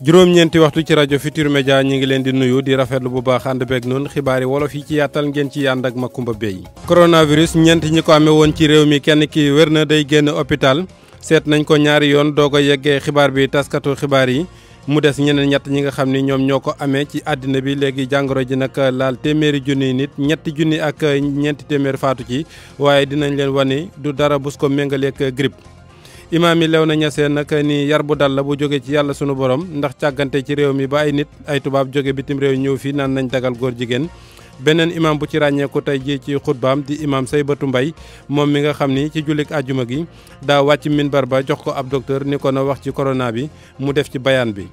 juróom-ñeenti waxtu ci rajo Futur Media ñi ngi leen di nuyu di rafetlu bu baax ànd noon xibaar xibaari wolof yi ci yaatal ngeen ci ànd ak Makumba Bey. coronavirus ñeent ñi ko amee woon ci réew mi kenn ki wér na day génn hôpital seet nañ ko ñaari yoon doo ko yeggee xibaar bi taskatu xibaar yi mu des ñeneen ñett ñi nga xam ni ñoom ñoo ko amee ci àddina bi léegi jàngoro ji nag laal téeméeri junni nit ñetti junni ak ñeenti téeméer faatu ci waaye dinañ leen wane du dara bus ko méngaleeg grippe. imaam yi lew na ñaseen nag ni yar bu dal la bu jóge ci yàlla sunu borom ndax càggante ci réew mi ba ay nit ay tubaab jóge bitim réew ñëw fii naan nañ dagal góor jigéen beneen imaam bu ci ràññeeku tey jii ci xutbaam di imaam bëtu Mbay moom mi nga xam ni ci jullik àjjuma gi daa wàcc minbar ba jox ko ab docteur ni ko na wax ci koronaa bi mu def ci bayaan bi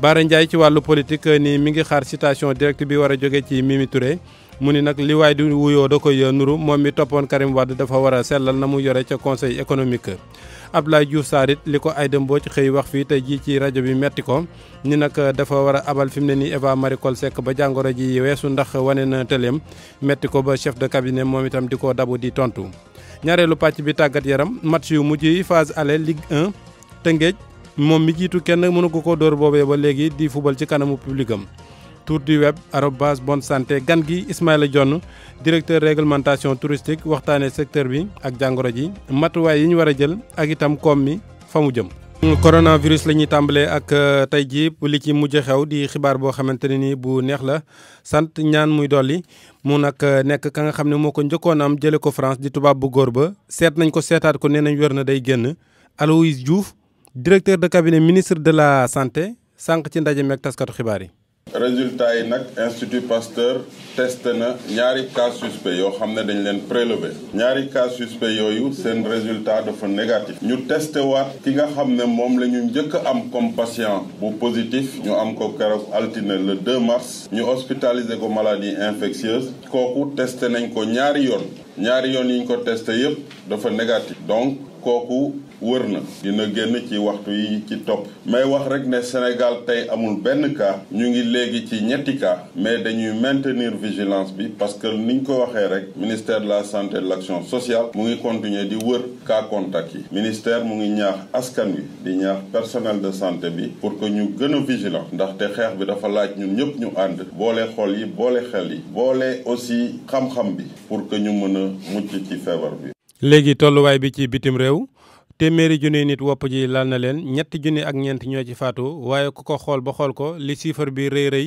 Baara Ndiaye ci wàllu politique ni mi ngi xaar citation directe bi war a jóge ci Mimi Touré mu ni nag li waay di wuyoo da koy eh, nuru moom mi toppoon Karim Wade dafa war a sellal na mu yore ca conseil économique ab Diouf Sarr it li ko Aïda Mbodj xëy wax fii tey jii ci rajo bi metti ko ni nag eh, dafa war a abal fi mu ne nii Eva Marie Coll Seck ba jàngoro ji weesu ndax wane na tëleem metti ko ba chef de cabinet moom itam di ko dabu di tontu. ñaareelu pàcc bi tàggat yaram match yu mujj yi phase lig Ligue 1 Tëngéej moom mi jiitu kenn mënu ko dóor boobee ba léegi di fubal ci kanamu publicam tour du web arobase bonne santé gangi gi Ismaïla directeur réglementation touristique waxtaanee secteur bi ak jàngoro ji matuwaay yi ñu war a coronavirus la ñuy tàmbalee ak euh, tey jii li ci mujj xew di xibaar boo xamante ni bu neex la sant ñaan muy mu euh, ka nga xam ne moo ko ko France di tubaab bu góor ba nañ ko seetaat ko nee nañ directeur de cabinet ministre de la santé sànq ci ndaje meeg taskatu xibaar résultat yi nag institut Pasteur testé na ñaari cas suspect yoo xam ne dañ leen prélevé ñaari cas suspect yooyu seen résultat dafa négatif ñu teste waat ki nga xam ne moom la ñu njëkk am comme patient bu positif ñu am ko keroog altine la 2 mars ñu hospitalisé ko maladie infectieuse kooku testé nañ ko ñaari yoon ñaari yoon yiñ ko testé yëpp dafa négatif donc kooku wër na dina génn ci waxtu yi ci topp may wax rek ne Sénégal tey amul benn cas ñu ngi léegi ci ñetti cas mais dañuy maintenir vigilance bi parce que niñ ko waxee rek ministère de la santé et de l'action sociale mu ngi continuer di wër cas contact yi ministère mu ngi ñaax askan wi di ñaax personnel de santé bi pour que ñu gën a vigilant ndaxte xeex bi dafa laaj ñun ñëpp ñu ànd boole xol yi boole xel yi boole aussi xam-xam bi pour que ñu mën a mucc ci feebar bi léegi tolluwaay bi ci bitim réew téeméeri junniy nit wopp ji laal na leen ñetti junni ak ñeent ñoo ci faatoo waaye ku ko xool ba xool ko li chiffre bi rëy rëy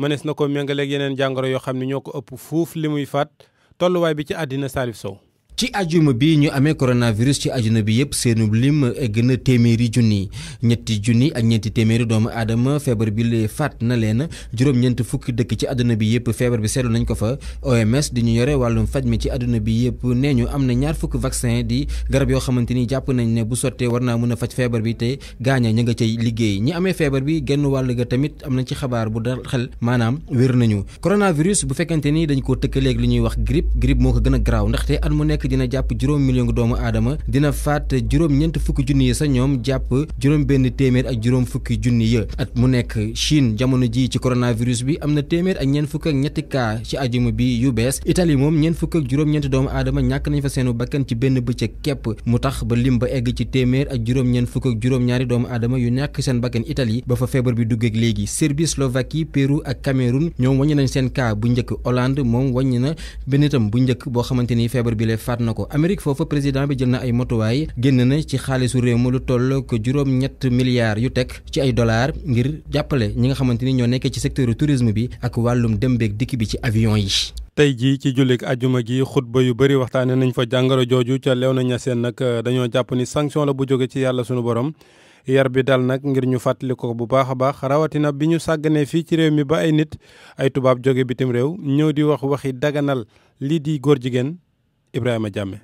mënees na ko méngaleeg yeneen jàngoro yoo xam ne ñoo ko ëpp fuuf li muy faat tolluwaay bi ci àddina Salif Sow. ci ajuma bi ñu amee coronavirus ci ajuna bi yëpp seenu lim egg na téeméeri junni ñetti junni ak ñeenti téeméeri doomu aadama feebar bi lee faat na leen juróom-ñeent fukki dëkk ci àdduna bi yëpp feebar bi seetlu nañ ko fa OMS di ñu yore wàllum faj mi ci àdduna bi yëpp nee ñu am na ñaar fukki vaccin di garab yoo xamante ni jàpp nañ ne bu sottee war naa mën a faj feebar bi te gaaña ña nga cay liggéey ñi amee feebar bi genn wàll ga tamit am na ci xabaar bu dal xel maanaam wér nañu coronavirus bu fekkente ni dañ koo tëkkaleeg li ñuy wax grippe grippe moo ko gën graaw garaaw ndaxte at dina japp juróom million doomu adama dina faat juróom ñent fukk jooni ya sa ñom japp juróom benn témèr ak juróom fukk jooni ya at mu nekk Chine jamono ji ci coronavirus bi amna témèr ak ñen fukk ak ñetti ka ci ajuma bi yu bes italy mom ñen fukk ak juróom-ñeent doomu adama ñak nañ fa seenu bakkan ci benn bëccëg kep mu tax ba lim ba egg ci témèr ak juróom ñen fukk ak juróom-ñaari doomu adama yu ñàkk seen bakkan italy ba fa fièvre bi ak légui Serbie Slovaquie peru ak Cameroun ñom wañ nañ seen ka bu ñëk Hollande mom wañ na benn itam bu ñëk bo xamanteni fièvre bi lay waxaat na ko Amérique foofa président bi jël na ay motuwaay génn na ci xaalisu réew mi lu toll ko juróom-ñett milliards yu teg ci ay dollars ngir jàppale ñi nga xamante ni ñoo nekkee ci secteur tourisme bi ak wàllum dem dikk bi ci avion yi. tey jii ci jullik ajuma gi xutba yu bëri waxtaane nañ fa jàngaro jooju ca Léona Niassène nag euh, dañoo jàpp ni sanction la bu jóge ci yàlla sunu borom yar bi dal nag ngir ñu fàttali ko bu baax a baax rawatina bi ñu sàgganee fii ci réew mi ba ay nit ay tubaab jóge bitim réew ñëw di wax waxi daganal lii di góor jigéen Ibrahima Diame.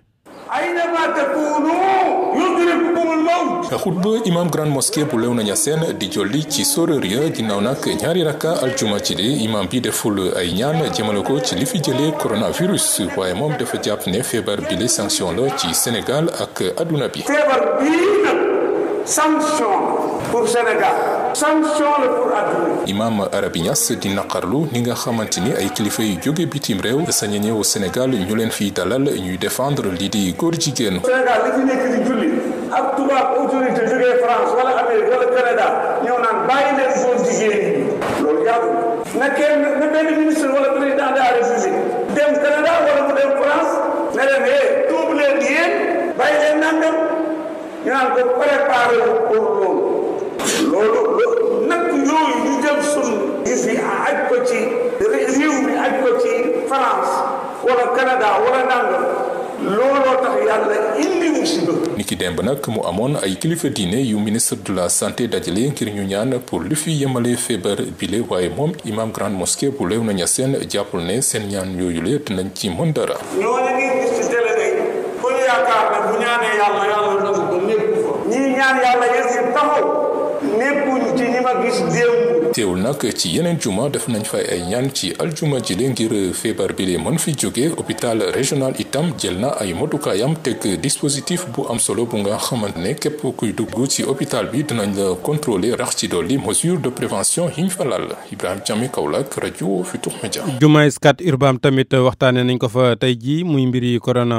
xutba imam grande mosquée bu Léona di jolli ci soror ya ginnaaw nag ñaari rakka aljuma ci li imam bi deful ay ñaan jëmale ko ci li fi jëlee coronavirus waaye moom dafa jàpp ne feebar bi la sanction la ci Sénégal ak àdduna bi. feebar bii nag sanction pour Sénégal. sanction la pour àdduna imaam Arabi Niass di naqarlu ni nga xamante ni ay kilifa yu jóge bitim réew sañ a ñëw Sénégal ñu leen fiy dalal ñuy défendre lii di góor jigéen Sénégal li fi nekk di julli ak tubaab autorité jógee France wala Amérique wala Canada ñëw naan bàyyi leen góor jigéen loolu jàppul na kenn benn ministre wala président de la dem Canada wala mu dem France ne leen hee tuubu leen yéen bàyyi leen nangam ñu naan ko préparé pour loolu loolu nag yooyu ñu jël sunu gis yi aj ko ci réew mi aj ko ci France wala Canada wala nangam looloo tax yàlla indi musiba ni ki démb nag mu amoon ay kilifa diine yu ministre de la santé dajale ngir ñu ñaan pour li fi yemale feebar bile waaye moom imam grande mosquée bu leew na seen jàppul ne seen ñaan yooyu le dinañ ci mën dara ñooñu ngi gis ci télé day kon yaakaar ne bu ñaanee yàlla yàlla yàlla yéen si taxaw nekkuñ ci nag ci yeneen juma def nañ fay ay ñaan ci aljuma ji leen ngir feebar bi lee mën fi jóge hôpital régional itam jël na ay motukaayam teg dispositif bu am solo bu nga xamante ne képp kuy dugg ci hôpital bi dinañ la contrôler rax ci dolli mesure de prévention yiñ fa laal Ibrahima Diame Kaolack rajo Futurs Médias. jumaay Scat Urbam tamit waxtaanee nañ ko fa tey jii muy mbiri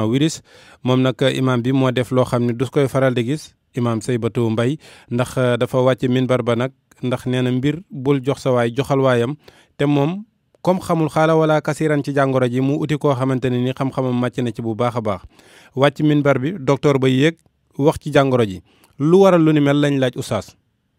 wiris moom nag imam bi moo def loo xam ne du koy faral de gis. imaam Seybatou Mbaye ndax euh, dafa wàcc minbar ba nag ndax nee na mbir bul jox sa waay joxal waayam te moom comme xamul xaala wala kasiran ci jàngoro ji mu uti koo xamante ne ni xam-xamam màcc na ci bu baax a baax wàcc minbar bi docteur ba yéeg wax ci jàngoro ji lu waral lu ni mel lañ laaj oustaz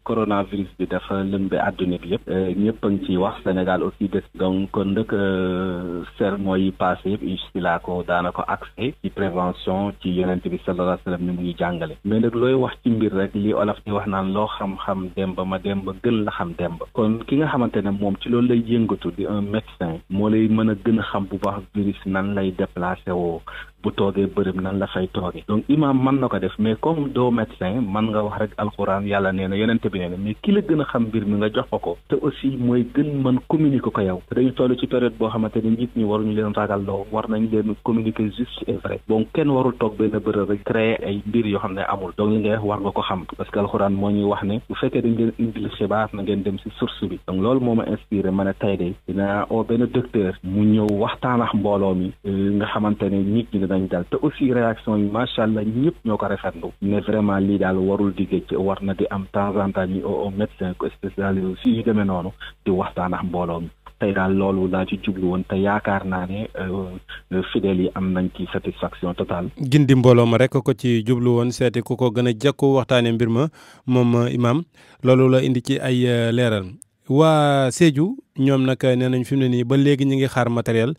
coronavirus bi dafa lëmbe àdduna bi yëpp euh, ñëpp a ngi ciy wax Sénégal aussi des donc kon nag euh, sermon yi passé yëpp si laa ko daana ko accès ci prévention ci yonent bi sallallahu alayhi wa sallam ni mu ngi jàngale mais nag looy wax ci mbir rek li olaf di wax naan loo xam-xam dem ma dem ba gën la xam dem kon ki nga xamante ne moom ci loolu lay yëngatu di un médecin moo lay mën a gën a xam bu baax virus nan lay déplacé woo bu toogee bërëb nan la fay toogee donc imam man na ko def mais comme doo médecin man nga wax rek alxuraan yàlla nee na yonente bi nee na mais ki la gën a xam mbir mi nga jox ko ko te aussi mooy gën man communiquer ko yow dañu toll ci période boo xamante ni nit ñi waruñu leen ragal loo war nañ leen communiquer juste et vrai bon kenn warul toog benn bërëb rek créer ay mbir yoo xam ne amul donc li ngay wax war nga ko xam parce que alxuraan moo ñuy wax ne bu fekkee dañ leen indil xibaar na ngeen dem si source bi donc loolu moo ma inspiré ma ne tey de dinaa oo benn docteur mu ñëw waxtaan ak mbooloo mi nga xamante ne nit ñi nañ dal te aussi réaction yi macha allah ñëpp ñoo ko rafetlu mais vraiment lii daal warul di war na di am temps en temps ñu au médecin ko spécialisé aussi yu demee noonu di waxtaan ak mbooloo tey daal loolu laa ci jublu woon te yaakaar naa ne euh, fidèles yi am nañ ci satisfaction totale. gindi mbooloo ma rek ko ci jublu woon seeti ku ko gën a jekku waxtaanee mbir ma moom euh, imaam loolu la indi ci ay euh, leeral waa Sédhiou ñoom nag nee nañ fi mu ne nii ba léegi ñu ngi xaar matériel.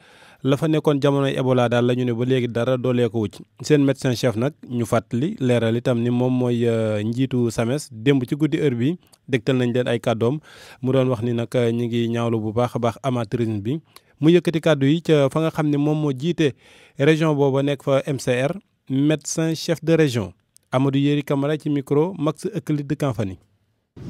la fa nekkoon jamonoy Ebola daal la ñu ne ba léegi dara doolee ko wucc seen médecin chef nag ñu fàttali leeral itam ni moom mooy euh, njiitu SAMES démb ci guddi heure bi dégtal nañ leen ay kàddoom mu doon wax ni nag euh, ñu ngi ñaawlu bu baax a baax amateurisme bi mu yëkkati kàddu yi ca fa nga xam ne moom moo jiite région booba nekk fa MCR médecin chef de région Amadou Yéri Camara ci micro Max li Euclide Kamfani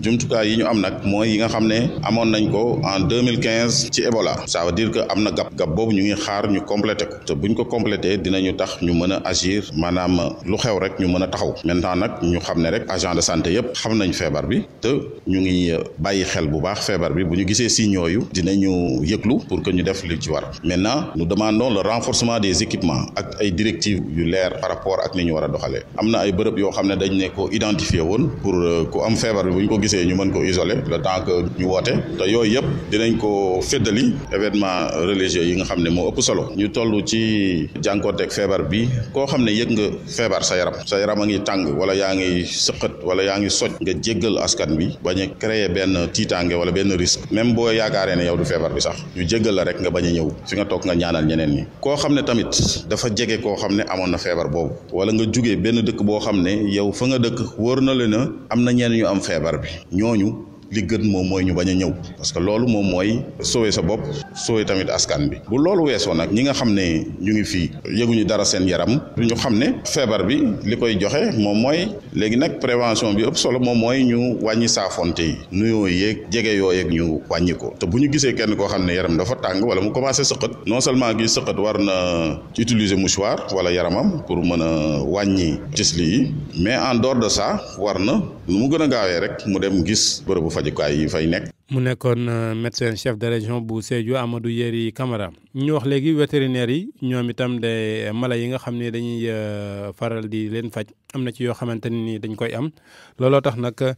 jumtukaay yi ñu am nag mooy yi nga xam ne amoon nañ ko en 2015 ci Ebola ça veut que am na gap gap boobu ñu ngi xaar ñu complété te buñ ko complété dinañu tax ñu mën a agir maanaam lu xew rek ñu mën a taxaw maintenant nag ñu xam ne rek agent de santé yëpp xam nañ feebar bi te ñu ngi bàyyi xel bu baax feebar bi bu ñu gisee signes yooyu ñu yëglu pour que ñu def li ci war maintenant nous demandons le renforcement des équipements ak ay directives yu leer par rapport ak ni ñu war a doxalee am na ay bërëb yoo xam ne dañ ne ko identifié woon pour euh, ku am feebar bi ko gisee ñu mën ko isoler le temps que ñu woote te yooyu yëpp dinañ ko féddali événement religieux yi nga xam ne moo ëpp solo ñu tollu ci jànkoonteeg feebar bi koo xam ne yëg nga feebar sa yaram sa yaram a ngi tàng wala yaa ngi sëqat wala yaa ngi soj nga jéggal askan bi bañ a créer benn tiitaange wala benn risque même boo yaakaaree ne yow du feebar bi sax ñu jéggal la rek nga bañ a ñëw si nga toog nga ñaanal ñeneen ñi koo xam ne tamit dafa jege koo xam ne amoon na feebar boobu wala nga jugee benn dëkk boo xam ne yow fa nga dëkk wóor na le na am na ñenn ñu am feebar ñooñu li gën moom mooy ñu bañ a ñëw parce que loolu moom mooy sauver sa bopp sauver tamit askan bi bu loolu weesoo nag ñi nga xam ne ñu ngi fii yëguñu dara seen yaram ñu xam ne feebar bi li koy joxe moom mooy léegi nag prévention bi ëpp solo moom mooy ñu wàññi saafonte yi nuyoo yeeg jege yoo yeeg ñu wàññi ko te bu ñu gisee kenn koo xam ne yaram dafa tàng wala mu commencé sëqat non seulement gi sëqat war na utiliser mouchoir wala yaramam pour mën a wàññi tisli mais en de ça war na lu mu gën gaawee rek mu dem gis bërëbu fajukaay yi fay nekk. mu nekkoon euh, médecin chef de région bu Sédhiou amadu Yeri Camara ñu wax léegi vétérinaire yi ñoom itam de mala yi nga xam ne dañuy euh, faral di leen faj am na ci yoo xamante ni dañ koy am looloo tax nag euh,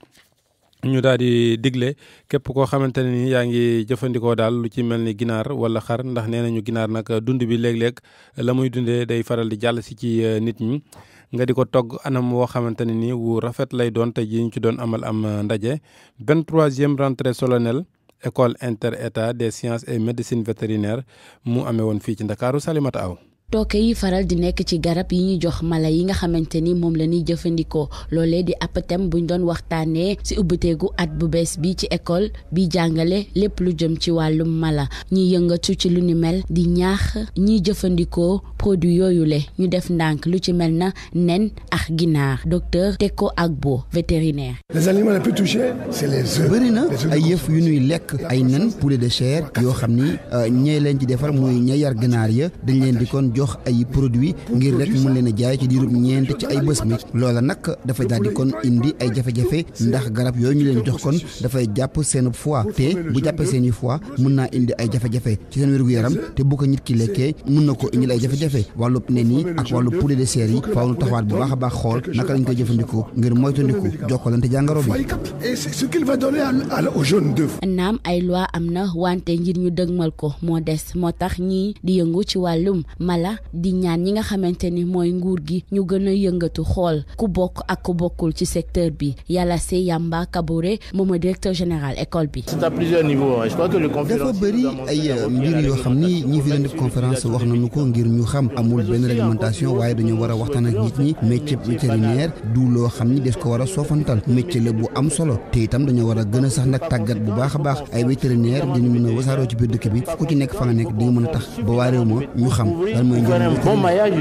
ñu daal di digle képp koo xamante ne ni yaa ngi jëfandikoo daal lu ci mel ni ginaar wala xar ndax nee nañu ginaar nag dund bi léeg-léeg la muy dundee day faral di jàll si ci nit ñi. nga di ko togg anam wu rafet euh, troisième rentrée solennelle école inter état des sciences et médecine vétérinaire mu amee woon fii ci tooke yi faral di nekk ci garab yi ñuy jox mala yi nga xamante ni moom la ñuy jëfandikoo loolee di ab bu ñu doon waxtaanee si ubbiteegu at bu bees bi ci école bi jàngale lépp lu jëm ci wàllum mala ñiy yëngatu ci lu ni mel di ñaax ñiy jëfandikoo produit yooyu le ñu def ndànk lu ci mel na nen ak ginaar docteur Teko Agbo vétérinaire. les aliments les plus touchés c'est les œufs. bëri na ay de chair yoo xam ni euh, ñee leen ci defar muy ña yar ginaar jox ay produit ngir rek mën leena jaay ci diirub ñent ci ay bëss mi loola nak dafa daal di kon indi ay jafe-jafe ndax garab yooyu ñu leen jox kon fay japp seen foi té bu jappé seen foi mën na indi ay jafe-jafe ci seen wërgu yaram te bu ko nit ki lekkee mën nako indi lay jafé jafe-jafe wàllu nen ak walu poulet de serre yi faawu taxawat bu baaxa baax xol naka lañ ko jëfëndiko ngir moytandiku jokkalante jangaro bi naam ay loi amna wante ngir ñu dëgmal ko moo des moo di yëngu ci walum mala la di ñaan ñi nga xamanteni moy nguur gi ñu gëna yëngatu xol ku bok ak ku bokul ci secteur bi yalla sey yamba kabouré momo directeur général école bi c'est à plusieurs niveaux je crois que le conférence dafa bari ay euh, mbir yo xamni ñi fi doon def conférence wax nañu ko ngir ñu xam amul ben réglementation waye dañu wara waxtan ak nit ñi métier vétérinaire du lo xamni ni des ko wara sofantal métier le bu am solo té itam dañu wara gëna sax nak tagat bu baaxa baax ay vétérinaire dañu mën a wasaaroo ci biir dëkk bi ku ci nekk fa nga nekk di mëna tax ba wa réew mo ñu xam lan mooy ñu un bon maillage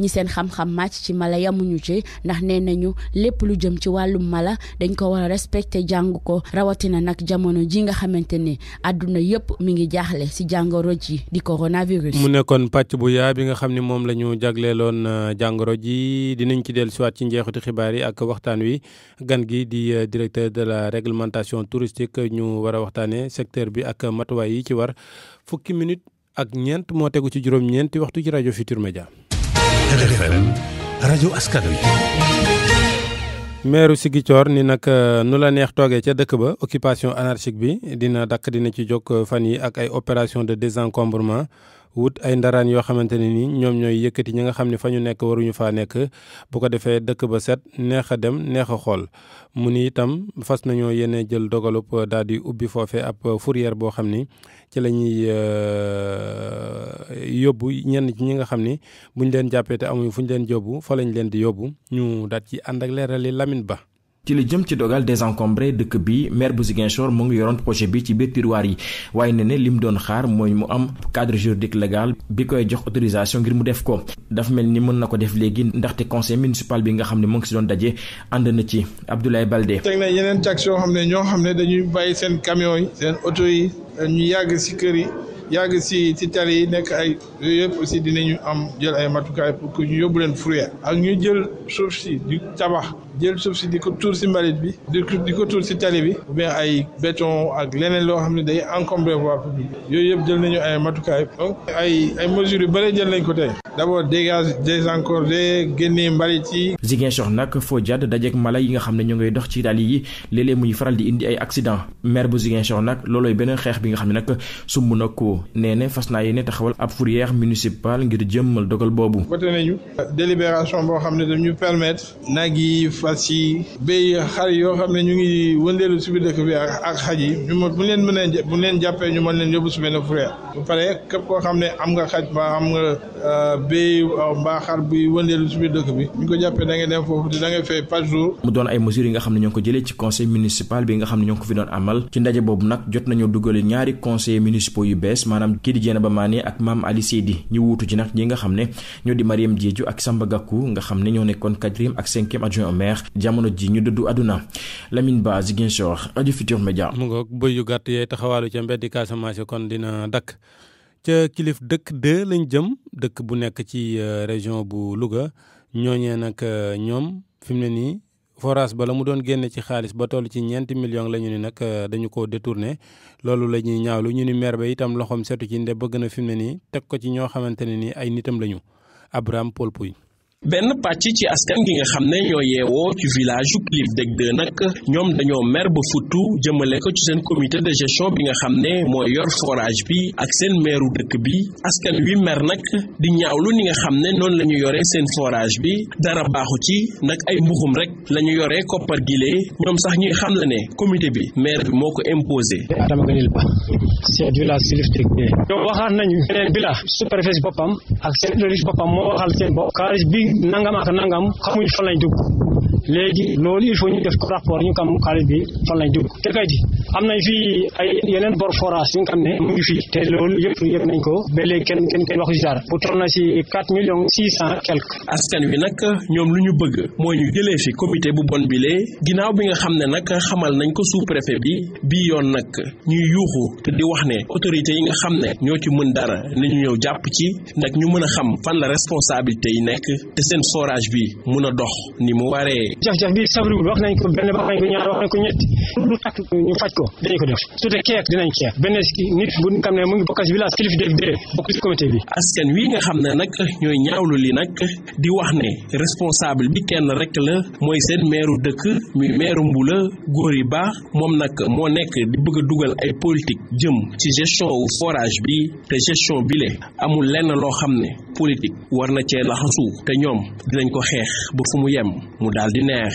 ñi seen xam-xam màcc ci mala yamuñu ci ndax nee nañu lépp lu jëm ci wàllum mala dañ ko war a respecté jàng ko rawatina nag jamono ji nga xamante ne àdduna yëpp mi ngi jaaxle si jàngoro ji di coronavirus. mu nekkoon pàcc bu yaa bi nga xam ne moom la ñu jagleeloon euh, jàngoro ji dinañ ci dellusiwaat ci njeexiti xibaar yi ak waxtaan wi gan gi di euh, directeur de la réglementation touristique ñu war a waxtaanee secteur bi ak matuwaay yi ci war fukki minute. ak ñent mo teggu ci juroom ñent waxtu ci radio Futur Media. radio askan wi. sigi Sigicoor ni nak euh, nu la neex toge ci dekk ba occupation anarchique bi dina dak dina ci jokk euh, fan yi ak ay opération de désencombrement wut ay ndaraan yoo xamanteni ni ñoom ñooy yëkkati ñi nga xam ne fa ñu nekk waruñu faa nekk bu ko defee dëkk ba set neex a dem neex a xool mu ni itam fas nañoo yéene jël dogalub euh, daal di ubbi foofe ab fourrière boo xam ni. ci la ñuy euh, yóbbu ñenn ñi nga xam ni buñ leen jàppee te amuñu fu ñu leen yóbbu fa lañ leen di yóbbu ñu daat ci ànd ak leeral yi Lamine Ba. ci li jëm ci dogal désencombré dëkk bi maire bu Ziguinchor mu ngi yoroon projet bi ci biir tiroir yi waaye ne ne lim doon xaar mooy mu am cadre juridique légal bi koy jox autorisation ngir mu def ko dafa mel ni mën na ko def léegi ndaxte conseil municipal bi nga xam ne mu ngi si doon daje ànd na ci Abdoulaye Baldé. teg na yeneen taxe yoo xam ne ñoo xam ne dañuy bàyyi seen camion yi seen auto yi ñu yàgg si kër yi yàgg si si tali yi nekk ay yooyu yëpp aussi dinañu am jël ay matukaay pour que ñu yóbbu leen fourrière ak ñu jël suuf si di tabax jël suuf si di ko tuur si mbalit bi di ko di ko tuur si tali bi ou bien ay béton ak leneen loo xam ne day encombrer voie publique yooyu yëpp jël nañu ay matukaay donc ay ay mesures yu bëri jël nañ ko tey d'abord dégage désencombré génnee mbalit yi. Ziguinchor nag foo jàdd dajeeg mala yi nga xam ne ñu ngay dox ci tali yi léeg-léeg muy faral di indi ay accident maire bu Ziguinchor nag loolooy beneen xeex bi nga xam ne nag sumb na ko nee ne fas naa yéene taxawal ab fourrière municipale ngir jëmmal dogal boobu. voté nañu délibération boo xam ne dañu permettre nag yi fas yi béy xar yoo xam ne ñu ngi wëndeelu si biir dëkk bi ak ak xaj yi ñu ma bu leen mën bu leen jàppee ñu mën leen yóbbu su benn fourrière bu pare képp koo xam ne am nga xaj mbaa am nga euh, béy euh, mbaa xar buy dëkk bi ñu ko jàppee da dem foofu di da ngay fay mu doon ay mesures yi nga xam ne ñoo ko jëlee ci conseil municipal bi nga xam ne ñoo ko fi doon amal ci ndaje boobu nag jot nañoo dugale ñaari conseillers municipaux yu bees maanaam kii di Dieynaba Mané ak Mame Ali Seydi ñu wuutu ci nag ñi nga xam ne ñoo di Mariam Diédhiou ak Samba Gakou nga xam ne ñoo nekkoon quatrième ak cinquième jamono ji ñu dudd àdduna Lamine Ba Ziguinchor rajo Futur Media. mu ngoog bëy yu gàtt yooyu taxawaalu ca mbeddi Casamance kon dina dakk ca kilif dëkk de lañ jëm dëkk bu nekk ci euh, région bu Louga ñooñee nag euh, ñoom fi mu ne nii forage ba mu doon génne ci xaalis ba toll ci ñeenti million la ñu ni nag euh, dañu ko détourné loolu la ñuy ñaawlu ñu ni maire ba itam loxoom setu ci nde bëgg na fi mu ne nii teg ko ci ñoo xamante ne nii ay nitam lañu Abraham Paul benn pàcc ci askan gi nga xam ne ñoo yeewoo ci village yu Cliff Deg 2 nag ñoom dañoo mer ba futtu jëmale ko ci seen comité de gestion bi nga xam ne mooy yor forage bi ak seen maireu dëkk bi askan wi mer nag di ñaawlu ni nga xam ne noonu la ñu yoree seen forage bi dara baaxu ci nag ay mbuxum rek la ñu yoree koppar gilee ñoom sax ñuy xam la ne comité bi maire bi moo ko imposé. Adama Ganil Ba chef du village Cliff Deg 2. waxaat nañu bi la superficie boppam ak seen énergie boppam moo waxal seen bopp. nangam ak nangam xamuñu fan lañ dugg léegi loolu il faut ñu def ko ñu xam xaalis bi fan lañ dugg te kayit am nañ fii ay yeneen bor forage yi nga xam ne mu ngi fii te loolu yëpp yëg nañ ko ba léegi kenn kenn waxu si dara bu toll na si quatre millions cent quelque. askan wi nag ñoom lu ñu bëgg mooy ñu jëlee fi comité bu bon bile ginnaaw bi nga xam ne nag xamal nañ ko sous préfet bi bii yoon nag ñuy yuuxu te di wax ne autorité yi nga xam ne ñoo ci mën dara ni ñu ñëw jàpp ci ndax ñu mën a xam fan la responsabilité yi nekk te seen forage bi mun a dox ni mu waree. jafe ko su dee dinañ keek benn nit bu xam ne mu ngi bokk ci village kilifa dégg déré wi nga xam ne nag ñooy ñaawlu li nag di wax ne responsable bi kenn rek la mooy seen meeru dëkk muy meeru góor yi Ba moom nag moo nekk di bëgg a dugal ay politique jëm ci gestion wu forage bi te gestion bile amul lenn loo xam ne politique war na cee laxasu te ñoom dinañ ko xeex ba fu mu yem mu daal di neex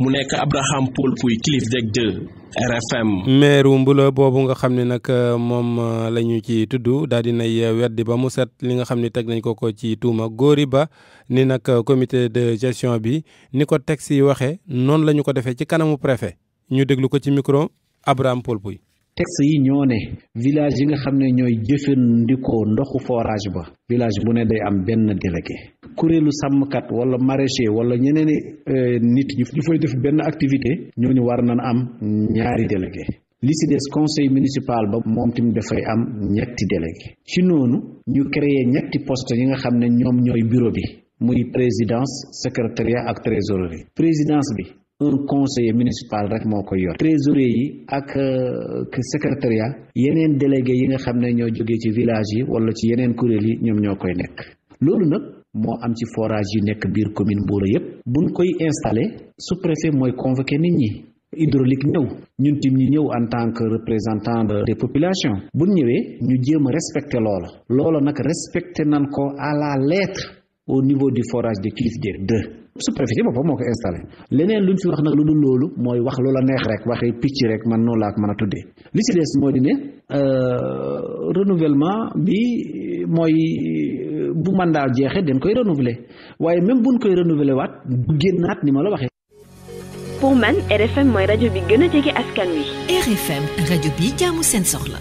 mu nekk Abraham Paul Pouy kilif deg 2 RFM. maire Mbula boobu nga xam ne nag euh, moom euh, la ñu ci tudd daal di nay euh, weddi ba mu set li nga xam ni teg nañ ko ko ci tuuma góori ba ni nag comité de gestion bi ni ko teg si waxee noonu la ñu ko defee ci kanamu préfet ñu déglu ko ci micro Abraham Paul texte yi ñoo ne village yi nga xam ne ñooy jëfandikoo ndoxu forage ba village bu ne day am benn délégué kuréelu sàmmkat wala maraîcher wala ñeneen euh, nit ñu fay def benn activité ñooñu war nañ am ñaari délégué li si des conseil municipal ba moom tamit dafay am ñetti délégué ci noonu ñu créer ñetti poste yi nga xam ne ñoom ñooy bureau bi muy présidence secrétariat ak trésorerie présidence bi un conseiller municipal rek moo koy yor trésorier yi ak euh, secrétariat yeneen délégué yi nga xam ne ñoo jógee ci village yi wala ci yeneen kuréel yi ñoom ñoo koy nekk loolu nag moo am ci forage yu nekk biir commune Mbour yëpp buñ koy installé sous-préfet mooy convoqué nit ñi hydraulique ñëw ñun tim ñi ñëw en tant que représentant de des populations buñ ñëwee ñu jéem a respecté loola loola nag respecté nan ko à la lettre au niveau du forage de Kifde 2 sous-préfet boppam moo ko installé leneen luñ fi wax nag lu dul loolu mooy wax lu la neex rek waxi picc rek man noonu laa ko mën a tuddee li ci des moo di ne euh, renouvellement bi mooy euh, bu daal jeexee dañ koy renouveler waaye même buñ koy renouveler waat du génnaat ni ma la waxee. pour man RFM mooy rajo bi gën a jege askan wi. RFM rajo bi jaamu seen soxla.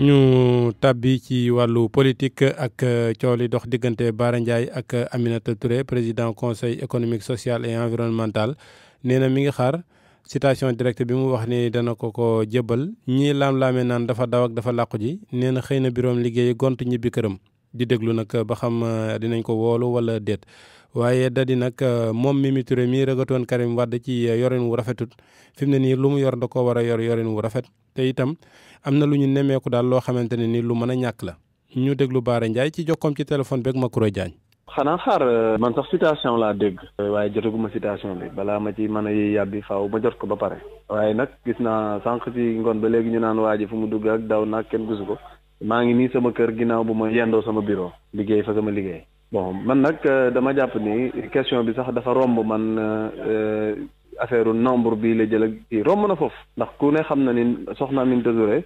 ñu tàbbi ci wàllu politique ak euh, coow li dox diggante Bara Ndiaye ak euh, Aminata Touré président conseil économique social et environnemental nee na mi ngi xaar citation directe bi mu wax ni dana ko ko jébbal ñii laam-laamee naan dafa daw ak dafa làqu ji nee na xëy na biroom liggéey gont ñibbi këram di déglu nag ba xam euh, dinañ ko woolu wala déet waye dadi nak eh, mom Mimi Touré mi ragatoon Karim wad ci eh, yorin wu rafetut fimne ni lumu yor da ko wara yor yorin wu rafet te itam amna luñu lu ko dal lo xamanteni ni lu mëna ñak la ñu déglu Baara ndjay ci jokkom ci téléphone beeg Makuro Diagne. xana xaar eh, man sax citation la dégg waaye jotaguma citation bi balaa ma ci mën a yàbbi faaw ma jot ko ba pare waaye nag gis naa sànq ci ngoon ba léegi ñu naan waa ji fu mu dugg ak daw naag kenn gisu ko maa ngi nii sama kër ginnaaw bu ma yendoo sama bureau liggéey fa sama liggéey bon man nag euh, dama jàpp ni question bi sax dafa romb man euh, euh, affaire nombre bii la jël ak kii romb na foofu ndax ku ne xam na ni soxna Aminata Touré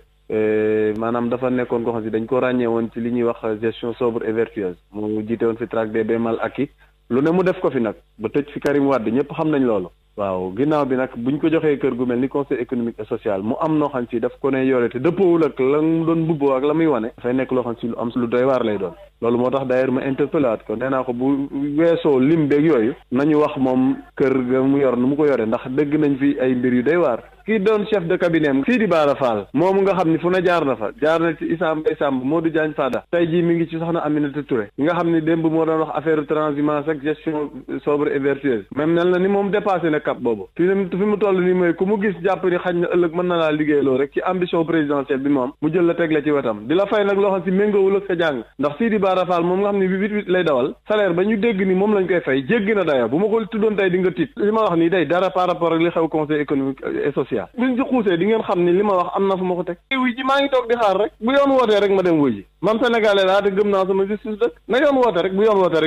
maanaam dafa nekkoon koo xam si dañ ko ràññee woon ci li ñuy wax gestion sobre et vertueuse mu jiite woon fi track des biens mal acquis lu ne mu def ko fi nag ba tëj fi Karim Wade ñëpp xam nañ loolu waaw ginnaaw bi nag bu ñu ko joxee kër gu mel ni conseil économique et social mu am noo xam si daf ko ne yore te dëppoowul ak la mu doon mbubboo ak la muy wane. dafay nekk loo xam si lu am lu doy waar lay doon. loolu moo tax d'ailleurs ma interpellaat ko nee naa ko bu weesoo lim beeg yooyu. nañu wax moom kër ga mu yor nu mu ko yore ndax dëgg nañ fi ay mbir yu day waar. kii doon chef de cabinet am kii di Bara Fall moomu nga xam ni fu na jaar na fa jaar na ci Issa Mbaye Samb Modou Diagne Fada tey jii mi ngi ci soxna Aminata Touré nga xam ni démb moo doon wax affaire transhumance ak gestion sobre et vertueuse même ni moom dépassé na cap boobu fi mu toll nii mooy ku mu gis jàpp ni xañ na ëllëg mën na laa liggéeyloo rek ci ambition présidentielle bi moom mu jël la teg la ci wetam di la fay nag loo xam si méngoowul ak sa jàng ndax Sidi Bara Fall moom nga xam ne huit huit lay dawal salaire ba ñu dégg ni moom lañ koy fay jéggi na daya bu ma ko tuddoon tey di nga li ma wax nii day dara par rapport ak li xew conseil économique et social buñ ci xuusee di xam ni li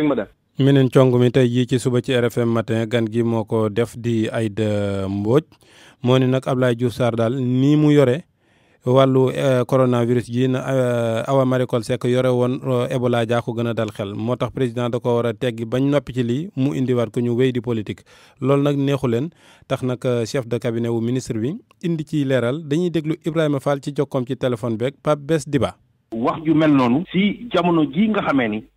ma meneen cong mi tey jii ci suba ci RFM matin gan gi moo ko def di Aïda Mbodj moo ni nag Abdoulaye Diouf Sarr daal nii mu yore wàllu eh, coronavirus ji na eh, Awa Marie Coll yore woon eh, Ebola jaa ko gën a dal xel moo tax président da ko war a teggi bañ noppi ci lii mu indiwaat ko ñu wéy di politique. loolu nag neexu leen tax nag chef de cabinet wu ministre bi indi ci leeral dañuy déglu Ibrahima Fall ci jokkoom ci téléphone beeg Pape di ba wax ju mel noonu. si jamono ji nga